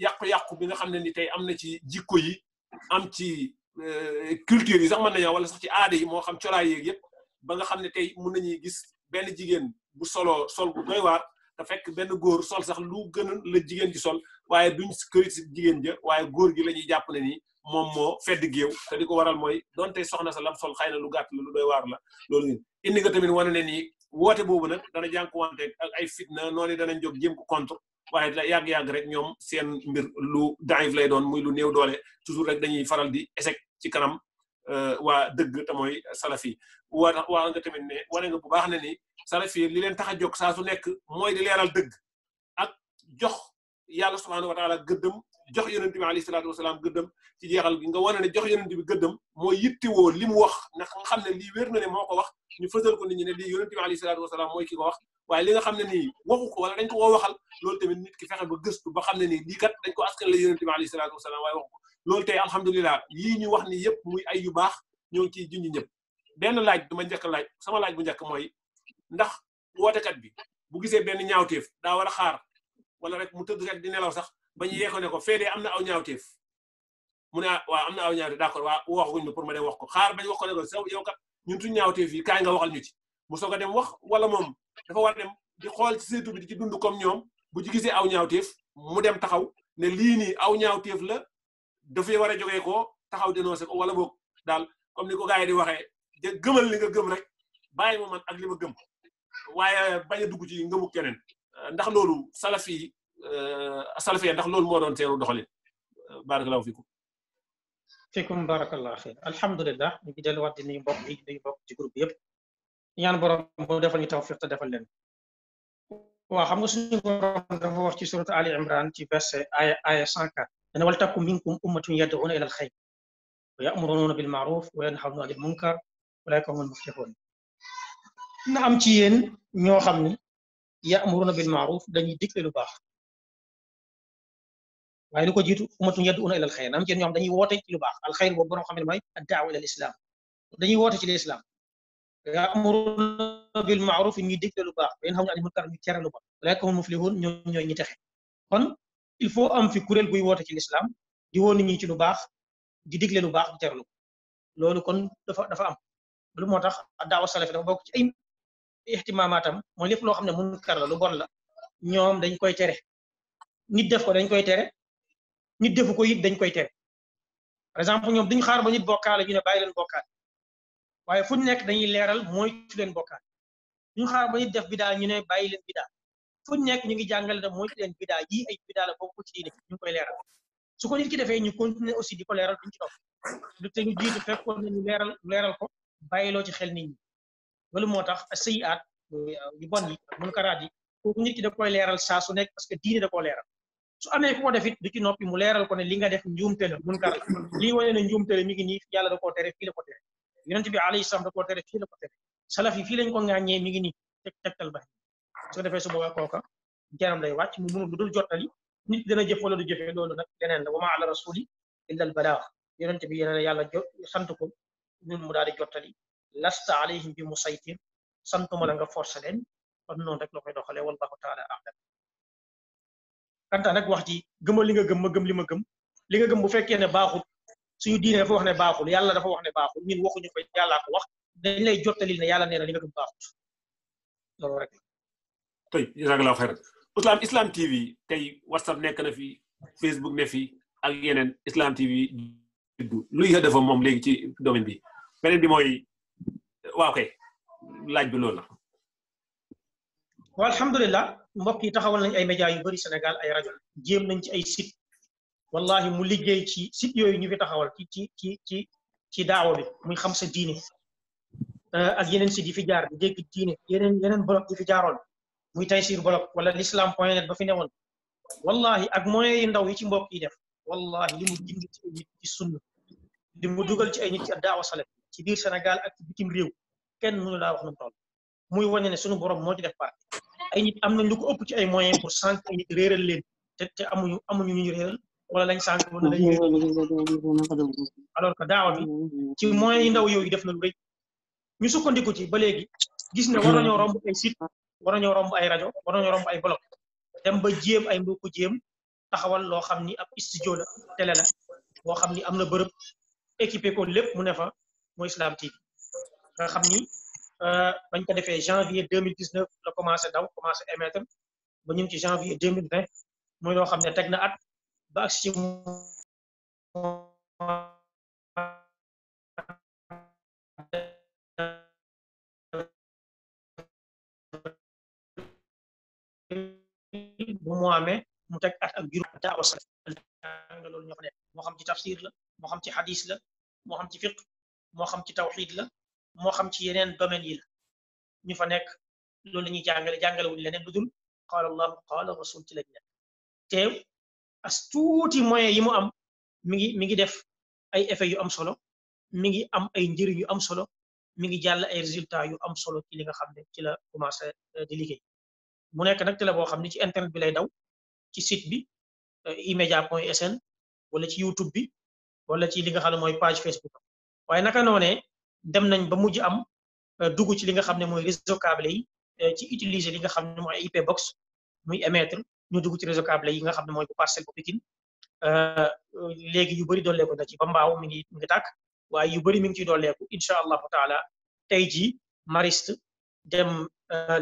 yàqu-yàqu bi nga xam ne ni tey am na ci jikko yi am ci culture yi sax mën nañoo wala sax ci aada yi moo xam colaay yeeg yëpp ba nga xam ne tey mun nañuy gis benn jigéen bu solo sol bu doy waar te fekk benn góor sol sax lu gën la jigéen ji sol waaye duñ këri si jigéen ja waaye góor gi la ñuy jàpp ne nii moom moo fedd géew te di ko waral mooy donte soxna sa lam sol xëy na lu gàtt la lu doy waar la loolu nit indi nga tamit wane ne nii woote boobu nag dana jànkuwante ak ay fitna noonu danañ jóg jéem ko contre waaye la yàgg-yàgg rek ñoom seen mbir lu daif lay doon muy lu néew doole toujours rek dañuy faral di échec ci kanam waa dëgg te mooy salafi war war nga tamit ne wane nga bu baax ne ni salafi li leen tax a jóg saa su nekk mooy di leeral dëgg ak jox yàlla subhaanahu wa taala gëddëm jox yonent bi alayhi salaatu wasalaam gëddëm ci jeexal gi nga wane ne jox yonent bi gëddëm mooy yittewoo li mu wax ndax nga xam ne wér na ne moo wax ñu fësal ko nit ñi ne lii yonent bi alayhi salaatu wasalaam mooy ki ko wax waaye li nga xam ne nii wala dañ ko waxal loolu tamit nit ki fexe ba gëstu ba xam ne nii kat dañ ko askan la yonent bi alayhi salaatu wasalaam waaye waxu loolu tey alhamdulilah yii ñu wax ni yëpp muy ay yu baax ñoo ngi ciy junj ñëpp benn laaj du ma njëkk laaj sama laaj bu njëkk mooy ndax wootekat bi bu gisee benn ñaawteef daa war a xaar wala rek mu tëdd rek di nelaw sax ba ñu ne ko fee am na aw ñaawteef mu ne waaw am na aw ñaawteef d'accord waaw waxuñ pour ma wax ko xaar bañ wax ko ne ko saw yow kat ñun suñ ñaawteef yi kaay nga waxal ñu ci mu soog a dem wax wala moom dafa war a dem di xool ci bi di ci dund comme ñoom bu ci gisee aw ñaawteef mu dem taxaw ne lii nii aw ñaawteef la dafay war a jógee ko taxaw dénoncé ko wala boog daal comme ni ko gars yi di waxee de gëmal li nga gëm rek bàyyi ma man ak li ma gëm waaye bañ a dugg ci ngëmu keneen ndax loolu salaf yi salaf yi ndax loolu moo doon teeru doxalin barakallahu fikum fikum barakallahu xeer alhamdulilah ñu ngi delluwaat di nuyu mbokk yi nuyu mbokk ci groupe yëpp ñaan borom mu defal ñu tawfiq te defal leen waaw xam nga suñu borom dafa wax ci surat ali imran ci verset aya aya 104 أنا ولتكن منكم أمة يدعون إلى الخير ويأمرون بالمعروف وينهون عن المنكر أولئك هم المفلحون na am ci yéen ñoo xam ne ya'muruna bil ma'ruf dañuy digle lu baax waaye lu ko jiitu umatun yad'una ila al xayr am ci yéen ñoo xam dañuy woote ci lu baax al xayr boobu borom xam ne mooy ad-da'wa ila al islam dañuy woote ci l'islam ya'muruna bil ma'ruf ñuy digle lu baax yéen xam nga al munkar ñu tere lu baax ulaikum muflihun ñoo ñooy ñi texe kon il faut am fi kuréel guy woote ci lislaam di woo nit ci lu baax di leen lu baax di terlu loolu kon dafa dafa am lu moo tax a daawa salafi dafa bokk ci i ihtimaamaatam mooy lépp loo xam ne munkar la lu bon la ñoom dañ koy tere ñi def ko dañ koy tere nit defu ko it dañ koy tere par exemple ñoom duñ xaar ba nit bokkaale ñu ne bàyyi leen bokkaale waaye fu ñu nekk dañuy leeral mooy ci leen bokkaale duñ xaar ba nit def bidaa ñu ne bàyyi leen bidaa fu nekk ñu ngi jàngale da mooy ci leen bidaa yi ay bidaa la ñu ngi su ko ki defee ñu continuer aussi di ko leeral duñ ci topp du te ñu jiitu fekkoon nañu leeral leeral ko bàyyiloo ci xel nit ñi moo tax sëyi aat euh, yu bon yi munkaraat yi kooku ki da koy leeral saa su nekk parce que diine koo leeral su amee ku ko def it du ci noppi mu leeral ko ne li nga def njuumte la munkar lii wane ne njuumte la mi ngi nii yàlla da koo tere fii la ko tere yonent bi alayhi salaam da la ko tere salaf yi fii lañ ko ŋàññee mi ngi nii teg ba su ko defee su boobaa kooka jaram lay wàcc mu mënul lu dul jottali nit dana jëf wala du jëfe loolu nag leneen la wama ala rasuli illa al balaax yonent bi yeneen yàlla sant ko ñun mu daal di jottali lasta alayhim bi musaytir santuma la nga forcé leen kon noonu rek la koy doxalee wallahu taala a'lam kanta nag wax ji gëma li nga gëm ma gëm li ma gëm li nga gëm bu fekkee ne baaxul suñu diine dafa wax ne baaxul yàlla dafa wax ne baaxul ñun waxuñu ko yàlla ko wax dañ lay jottali ne yàlla nee na li nga gëm baaxul loolu rek la tey jazakallahu xayran islam islam TV tey whatsapp nekk na fi Facebook ne fi ak yeneen islam TV luy hëdëfam moom léegi ci domaine bi beneen bi mooy waaw kay laaj bi loolu la. waaw alhamdulilah mbokk yi taxawal nañ ay médias yu bari senegal ay rajo jéem nañ ci ay site wallahi mu liggéey ci site yooyu ñu taxawal ci ci ci ci ci daawa bi muy xam sa diine euh, ak yeneen si yi fi jaar di dégg yeneen yeneen blog yi fi jaaroon. muy Tayssir Blog wala l'islam point net ba fi newoon wallahi ak moyens yu ndaw yi ci mbok yi def wallahi li mu jindi ci ay nit ci sunna mu dugal ci ay nit ci daawa ci biir Sénégal ak ci bitim réew kenn mënu laa wax nu toll muy wane ne sunu borom moo ci def parti ay nit am na lu ko ëpp ci ay moyens pour sànq ay nit réeral leen te te amuñu amuñu ñu réeral wala lañ sànq wala lañ alors que daaw bi ci moyens yu ndaw yooyu def na lu rëy ñu sukkandiku ci ba léegi gis ne war war nañoo romb ay rajo war nañoo romb ay blog dem ba jéem ay mbokku jéem taxawal loo xam ni ab studio la télé boo xam ni am na bërëb équipé ko lépp mu ne fa mooy Islam TV nga xam ni euh, bañ ko defee janvier 2019 la commencé daw commencé émettre ba ñu ngi ci janvier 2020 mooy loo xam ne teg na at ba ak ci bu mu amee mu teg at ak juróom daa wasal nga loolu ñoo ko nekk moo xam ci tafsir la moo xam ci hadis la moo xam ci fiq moo xam ci tawxid la moo xam ci yeneen domaine yi la ñu fa nekk loolu la jàngale jàngale wuñ leneen lu dul allah qaala rasul ci lañ nekk te as tuuti moyen yi mu am mi ngi mi ngi def ay effet yu am solo mi ngi am ay njëriñ yu am solo mi ngi jàll ay résultat yu am solo ci li nga xam ne ci la commencé di liggéey mu nekk nag télé boo xam ne ci internet bi lay daw ci site bi emedia euh, point sn wala ci youtube bi wala ci li nga xam ne mooy page facebook waaye naka noonee dem nañ ba mujj am euh, dugg ci li nga xam ne mooy réseau câble yi euh, ci utiliser li nga xam ne mooy IP box muy émettre ñu dugg ci réseau câble yi nga xam ne mooy bu parcelle bu Pikine léegi yu bëri dooleeku na ci ba mbaaw mi ngi mi ngi tàkk waaye yu bëri mi ngi ciy dooleeku incha allahu taala tey jii mariste dem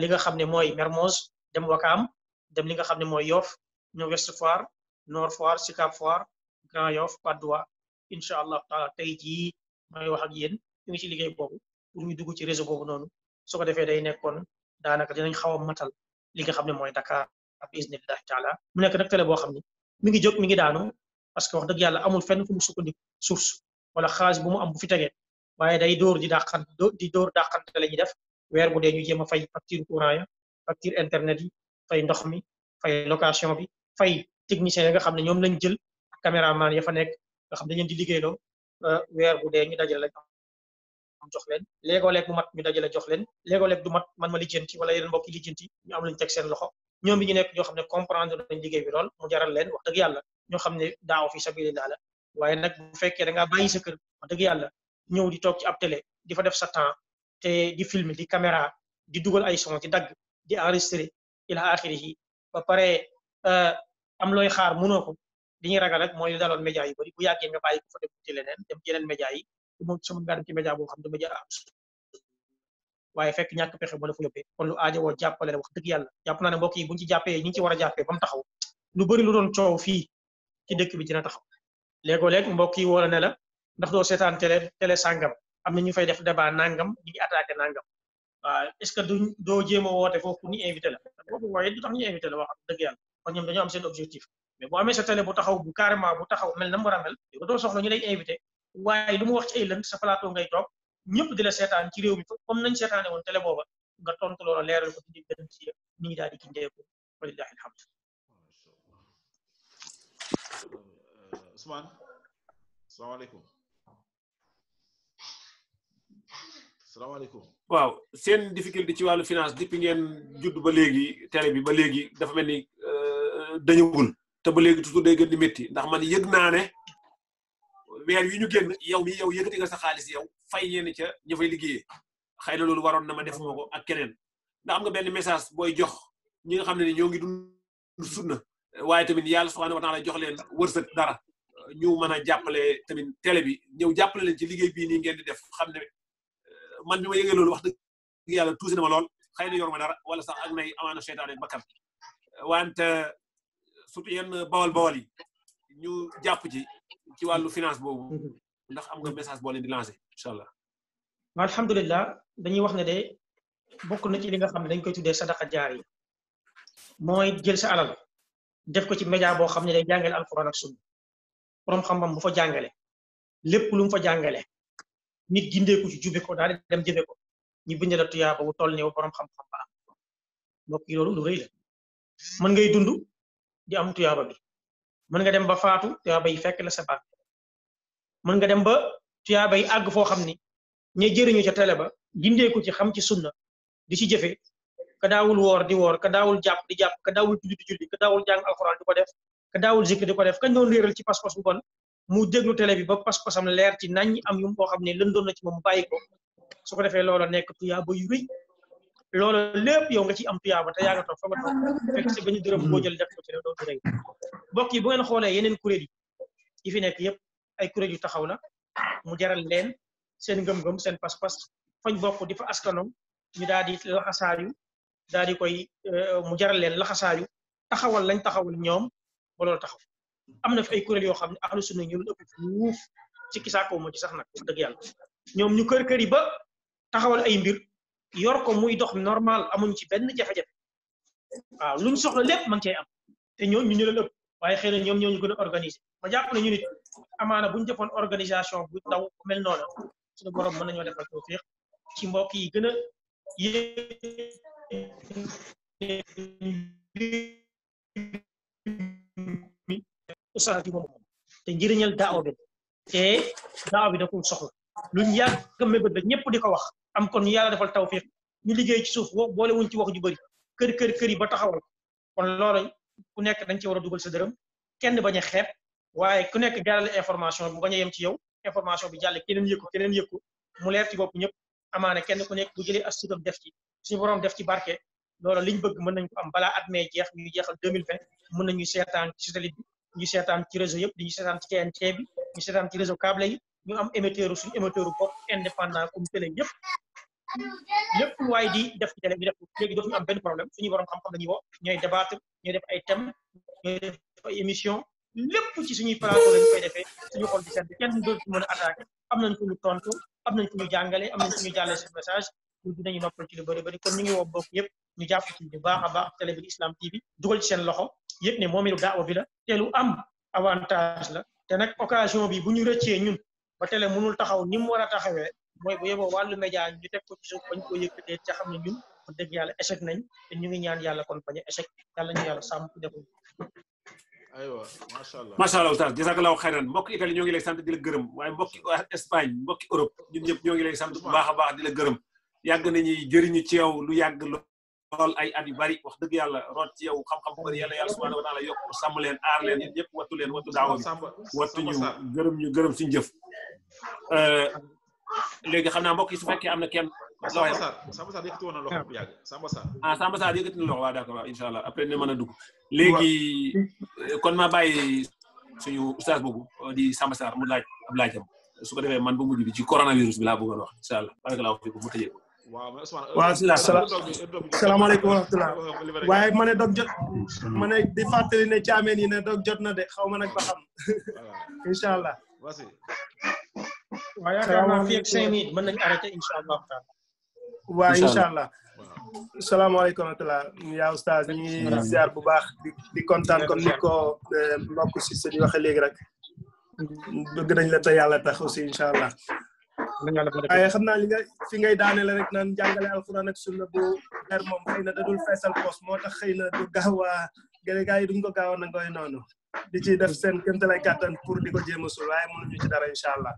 li nga xam ne mooy Mermoz dem Wakaam dem li nga xam ne mooy yof ñëw Ouest Foire Nord Foire Sicap Foire Grand Yoff Patte d'Oie incha allah taala tey jii may wax ak yéen ñu ngi ci liggéey boobu pour ñu dugg ci réseau boobu noonu su defee day nekkoon daanaka dinañ xaw a matal li nga xam ne mooy Dakar bi iznillahi taala mu nekk nag télé boo xam ne mi ngi jóg mi ngi daanu parce que wax dëgg yàlla amul fenn fu mu source wala xaalis bu mu am bu fi tegee waaye day dóor di dàqan di dóor dàqante la ñuy def weer bu dee ñu jéem a fay facture courant ya facture internet yi fay ndox mi fay location bi fay technicien yi nga xamne ñom lañ jël ak ya fa nek nga xam ne dañu di do wër bu dé ñu dajal la am jox leen légo lék bu mat ñu la jox leen légo lék du mat man ma lijeenti wala yeen mbokk lijeenti ñu am luñ tek seen loxo ñom bi ñu nek ño xamne comprendre nañ liggéey bi lool mu jaral leen wax deug yalla ño xamne daaw fi sabilillah la waye nak bu fekke da nga bayyi sa kër wax deug yalla ñew di tok ci ab télé di fa def sa temps té di film di caméra di dugal ay son ci dagg di enregistré ila axirihi ba pare euh, am looy xaar mënoo ko li ñuy ragal rek mooy lu daloon média yu bari bu yàggee nga bàyyi ko fa dem ci leneen dem ci yeneen média yi moom sama ngaa dem ci média boo xam ne média am waaye fekk ñàkk pexe moo la fa yóbbee kon lu woo jàppale la wax dëgg yàlla jàpp naa ne mbokk yi buñ ci jàppee ñi ci war a jàppee taxaw lu bari lu doon coow fii ci dëkk bi dina taxaw léegoo léeg mbokk yi woo ne la ndax doo seetaan télé télé sàngam am na ñu fay def débat nangam ñu ngi attaqué nangam est ce que duñ doo jéem a woote invité la boo ko wooyee du tax ñu invité la wax dëgg yàlla kon ñoom dañoo am seen objectif mais bu amee sa télé bu taxaw bu carrément bu taxaw mel na mu war a mel yow ñu lay invité waaye lu mu wax ci ay lënd sa plateau ngay toog ñëpp di la seetaan ci réew mi comme nañ seetaane woon télé booba nga tontu loola leeral ko di gën ci ni ñi daal di gindeeku walillahi alhamdu Ousmane salaamaaleykum salaamaaleykum. waaw seen difficulté ci wàllu finance depuis ngeen judd ba léegi télé bi ba léegi dafa mel ni euh, dañugul te ba léegi toujours day gën di métti ndax man yëg naa ne weer yu ñu génn yow mi yow yëkkati nga sa xaalis yow fay ñenn ca ña fay liggéeyee xëy na loolu waroon na ma def ko ak keneen ndax am nga benn message booy jox ñi nga xam ne ni ñoo ngi dund sunna waaye tamit yàlla subhaanahu wa taala jox leen wërsëg dara ñu mën a jàppale tamit télé bi ñëw jàppale leen ci liggéey bii nii ngeen di def xam ne man bima yegge yëgee wax deug yàlla tousi dama lol xeyna xëy yor ma dara wala sax ak nay amaana seytaane bakkar wante surtout yenn bawal bawal yi ñu jàpp ci ci walu finance bobu ndax am nga message bo len di lancer inshallah ma alhamdullilah dañuy wax ne de bokku na ci li nga xamne dañ koy tuddé sadaqa jaar yi moy jël sa alal def ko ci média bo xamne day jàngale alcorane ak sunna borom xam bam bu fa jàngale lépp lu mu fa jàngale nit ko ci jube ko dal dem jëfe ko ñu bind la tuyaaba wu toll ne borom xam-xam ba am mbokk yi loolu lu reey la man ngay dund di am tuyaaba bi man nga dem ba faatu ba yi fekk la sa man nga dem ba tuyaaba yi ag fo xamni ni ña jëriñu ca tele ba ko ci xam ci sunna di ci jëfe ka dawul wor di wor ka dawul japp di japp ka dawul julli di julli ka dawul jang alcorane diko def ka dawul zikr diko def ka ñoo leeral ci pas bu bon mu déglu télé bi ba pas-pasam leer ci nañ am yum boo xam ne lëndoon na ci moom mu bàyyi ko su ko defee loola nekk tuyaaba yu rëy lépp yow nga ciy am tuyaaba te yaa nga toog fa nga toog dërëm boo jël def mbokk yi bu ngeen xoolee yeneen kuréel yi fi nekk yëpp ay kuréel yu taxaw la mu jaral leen seen ngëm-ngëm seen pas-pas fañ bokk di fa askanom ñu daal di laxasaayu daal di koy euh, mu jaral leen laxasaayu taxawal lañ taxawal ñoom ba taxaw am na fi ay kuréel yoo xam ne ahlu sunna ñu ëpp wuuf ci kisaakoo moo ci sax nag wax ñoom ñu kër kër yi ba taxawal ay mbir yor ko muy dox normal amuñ ci benn jafe-jafe waaw luñ soxla lépp mën cee am te ñoom ñu ñu leen ëpp waaye xëy na ñoom ñoo ñu gën a organiser ne ñu nit amaana buñ defoon organisation bu ndaw bu mel noonu suñu borom mën nañoo defal tawfiq ci mbokk yi gën ustaas bi moom te njëriñal daawa bi te daawa bi da ko soxla luñ yàgg mébét la ñëpp di ko wax am kon yàlla defal tawfiq ñu liggéey ci suuf boole wuñ ci wax ju bëri kër kër kër yi ba taxawal kon loola ku nekk dañ ci war a dugal sa dërëm kenn bañ a xeeb waaye ku nekk jaarale information bi bañ a yem ci yow information bi jàlle keneen yëg mu leer ci bopp ñëpp amaana kenn ku nekk bu jëlee as tuutam def ci suñu borom def ci barke loola liñ bëgg mën nañ am balaa at mee jeex ñuy jeexal 2020 mën nañu seetaan ci satellite bi ñu seetaan ci réseau yëpp di ñu seetaan ci TNT bi ñu seetaan ci réseau câble yi ñu am émetteur suñu émetteur bopp indépendant comme télé yëpp lépp lu waay di def ci télé bi def léegi dootuñu am benn problème suñu borom xam-xam la ñuy woo ñooy débattre ñooy def ay thèmes ñooy def émission ci suñuy plateau lañu koy defee suñu xool di seen kenn dootu mën am nañ ñu tontu am nañ ko ñu jàngale am nañ ko ñu jàllale suñu message pour dinañu noppal ci lu bëri bëri kon ñu ngi woo mbokk yëpp ñu jàpp ci baax a baax télé bi Islam TV dugal ci seen loxo yëpp ne moom daawa bi la te lu am avantage la te nag occasion bi bu ñu rëccee ñun ba télé mënul taxaw ni mu war a taxawee mooy bu yeboo wàllu média ñu teg ko ci suuf bañ ko yëkkatee ca xam ne ñun kon échec nañ te ñu ngi ñaan yàlla kon bañ a échec yàlla ñu yàlla sàmm defal aywa macha allah macha allah oustaz jazakallahu xayran mbokk Italie ñoo ngi lay sant di la gërëm waaye mbokki Espagne mbokki Europe ñun ñëpp ñoo ngi lay sant bu baax a baax di la gërëm yàgg nañu jëriñu ci yow lu yàgg lool ay at yu bari wax deug yalla rot ci yow xam-xam bari yalla yalla subhanahu wa taala yok sàmm leen aar leen yéen ñëpp wattu leen wattu daawa bi wattu ñu gëreem ñu gëreem suñu jëf euh legi xamna mbokk yi su fekke amna kenn sama sa Samba Sarr yëkkati woon loxo bu yàgg Samba Sarr ah sama sa yëkkati na loxo waa d'accord waaw après ne mën dugg léegi kon ma bàyyi suñu oustaz boobu euh, di sama sa mu laaj ab laajam su ko defé man bu mujju bi ci coronavirus bi la bëggoon wax inshallah barakallahu fikum mu tëjee waaw si euh, la salaamaaleykum wa rahmatulah waaye ma ne dog jot ma ne di fàttali ne caameen yi ne dog jot na de xaw ma nag ba xam [LAUGHS] allah. waaw yaakaar naa allah. waaw incha allah. salaamaaleykum yaa oustaz ñu ngi bu baax di di kontaan kon ni ko euh, mbokk si sëñ waxe léegi rek bëgg nañ la te yàlla tax aussi incha allah. waaye xam naa li fi ngay daaneel rek naan jàngale alxuraan ak sunna bu leer moom xëy dadul feesal poos moo tax xëy na du gaaw a gars yi duñ ko gaaw a nangooy noonu di ci def seen kéemtalaay kàttan pour di ko jéem a suul waaye mënuñu ci dara allah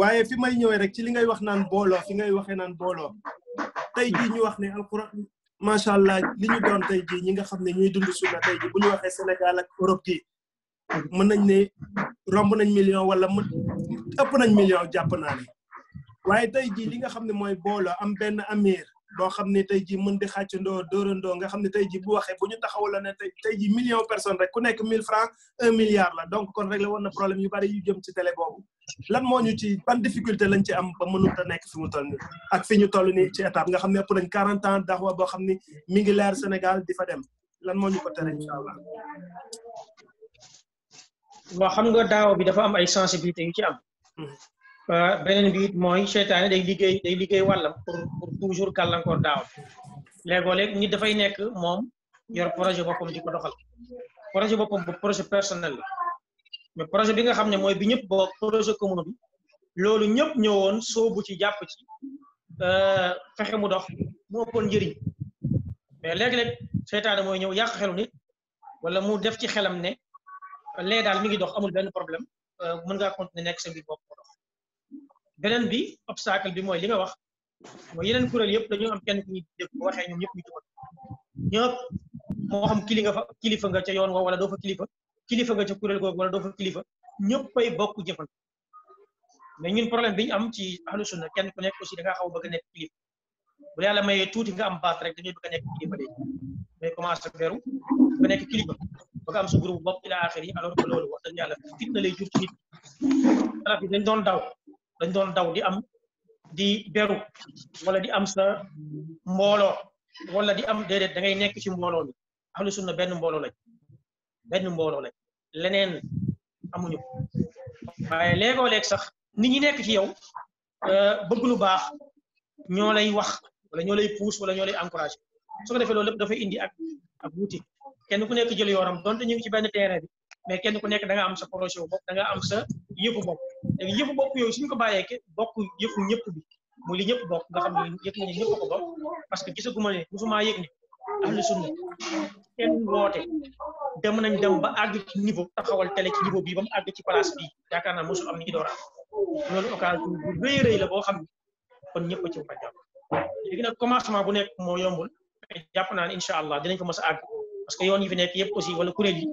waaye fi may ñëwee rek ci li ngay wax naan booloo fi ngay waxee naan booloo tey jii ñu wax ne alxuraan macha allah li ñu doon tey jii ñi nga xam ne ñuy dund sunna tey jii bu ñu waxee Sénégal ak Europe gi mën nañ ne romb nañ million wala mu ëpp nañ million jàpp naa ne waaye tey jii li nga xam ne mooy booloo am benn amir boo xam ne tey jii mën di xàccandoo dóorandoo nga xam ne tey jii bu waxee bu ñu taxaw la ne tey tey jii million personne rek ku nekk mille francs un milliard la donc kon réglé woon na problème yu bari yu jëm ci télé boobu lan moo ñu ci ban difficulté lañ ci am ba mënut a nekk fi mu toll ni ak fi ñu toll ni ci étape nga xam ne ëpp nañ quarante ans daxwa boo xam ni mi ngi leer Sénégal di fa dem lan moo ñu ko tere incha waaw xam nga daaw bi dafa am ay sensibilité yu ci am mhm. beneen bi it mooy seytaane day liggéey day liggéey wàllam pour pour toujours gàllankoor daaw léegoo léeg nit dafay nekk moom yor projet boppam di ko doxal projet boppam bu projet personnel la mais projet bi nga xam ne mooy bi ñëpp bokk projet communo bi loolu ñëpp ñëwoon soobu ci jàpp ci euh, fexe mu dox mu ëppoon njëriñ mais léeg-léeg seytaane mooy ñëw yàq xelu nit wala mu def ci xelam ne lee daal mi ngi dox amul benn problème euh, mën ngaa continuer nekk sa mbir dox beneen bi obstacle bi mooy li nga wax mooy yeneen kuréel yëpp dañoo am kenn ku ñu dégg moo xam kili nga fa kilifa nga ca yoon woo wala doo fa kilifa kilifa nga ca kuréel googu wala doo fa kilifa ñëppay bokk jëfal mais ñun problème bi am ci ahlu sunna kenn ku nekk aussi da ngaa xaw ba bëgg a nekk kilifa bu yàlla mayee tuuti nga am baat rek dañuy bëgg a nekk kilifa de day commencé beru ba nekk kilifa ba nga am sa groupe bopp ila axir yi alors que loolu wax yàlla fitna lay dañ doon daw dañ doon daw di am di beru wala di am sa mbooloo wala di am déedéet da ngay nekk ci mbooloo mi ahlu sunna benn mbooloo lañ benn mbooloo lañ leneen amuñu waaye léegoo léeg sax nit ñi nekk ci yow euh, ba lu baax ñoo lay wax wala ñoo lay pousse wala ñoo lay encouragé su ko defee loolu lépp dafay indi ak ak kenn ku nekk jël yoonam donte ñu ngi ci benn terrain bi mais kenn ku nekk da nga am sa projet wu bopp da nga am sa yëfu bopp léegi yëfu bopp yow suñu ko bayé ke bokk yëfu ñëpp bi mu li ñëpp bokk nga xam ni yëg na ñëpp ko bokk parce que gisaguma ne musuma yëg ne ahlu sunna kenn wote dem nañ dem ba ag ci niveau taxawal télé ci niveau bi bam ag ci place bi yaakaar naa mosul am ni doora loolu occasion bu reey reey la bo xam kon ñëpp ci war a jàpp léegi commencement bu nekk mo yombul japp naan inshallah dinañ ko mësa ag parce que yoon yi fi nekk yëpp aussi wala kuréel yi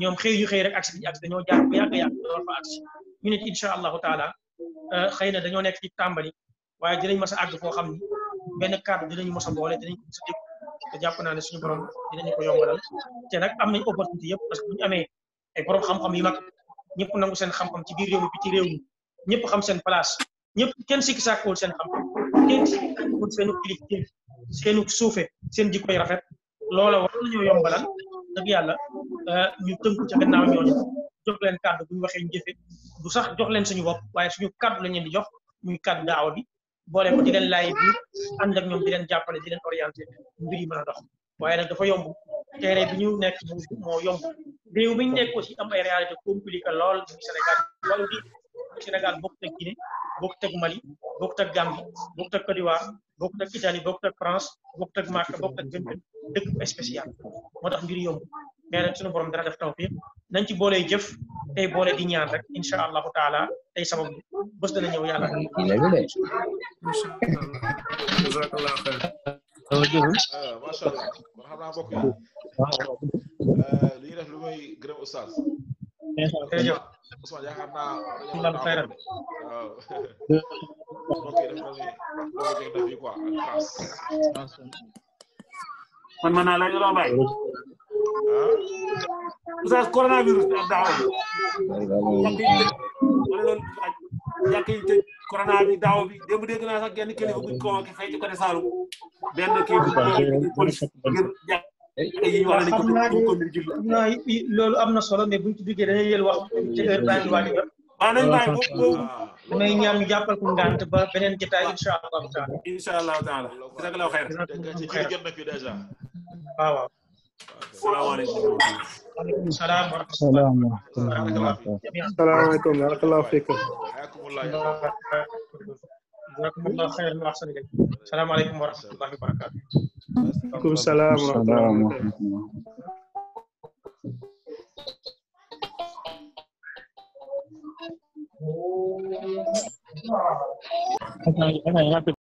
ñoom xëy yu xëy rek agsi bi ñu agsi dañoo jaar bu yàgg yàgg door fa agsi ñu ne incha allahu taala euh, xëy na dañoo nekk ci tàmbali waaye dinañ mas a àgg foo xam ni benn kàddu dinañ mas a boole te jàpp naa ne suñu borom dinañu ko yombalal te nag am nañ opportunité yëpp parce que ñu amee ay borom xam-xam yu mag ñëpp nangu seen xam-xam ci biir réew mi bi ci réew mi ñëpp xam seen place ñëpp kenn sikki sàkkuwul seen xam-xam kenn sikki sàkkuwul suufe seen jikkoy rafet loola war nañoo yombalal dagg yàlla euh, ñu tënku ca gannaaw ñooñu jox leen kàddu bu ñu waxee ñu du sax jox leen suñu bopp waaye suñu kàddu lañ di jox muy kàddu daawa bi boole ko di leen laay biir ànd ak ñoom di leen jàppale di leen orienté mbir yi mën a dox waaye nag dafa yomb teere bi ñu nekk moo yomb réew bi ñu nekk aussi am ay réalité compliqué lool muy Sénégal Sénégal bokkut ak Guinée bokkut ak Mali bokkut ak Gambie bokkut ak Côte d'Ivoire bokkut ak Italie bokkut ak France bokkut ak Màkka bokkut ak benn dëkk bu spécial moo tax mbir yomb mais nag suñu borom dana def tawfiq nañ ci boolee jëf tey boole di ñaan rek incha allahu taala tey sabab bi bés dana ñëw yàlla. Ah, euh, li ñu def lu may gërëm Ousmane yaakaar naa. Ousmane Fayram. waaw. [LAUGHS] ok dafa mel ni quoi man ma naa la ñu doon bàyyi. Oustaz coronavirus bi ak daaw bi. jàkk yi tëj corona bi daaw bi démb ko waxee fay ci côté Saloum benn kii bi Eh, non loolu am na solo mais buñ ci duggee dañuy yël wax ci heure bàyyi wàllu yoon. waaw ah, nañu bàyyi boobu ah, damay ñaan ngant ba beneen jotaay incha allahu taala. incha allahu taala. jazakallahu xayr. Assalamualaikum warahmatullahi wabarakatuh. Waalaikumsalam warahmatullahi wabarakatuh.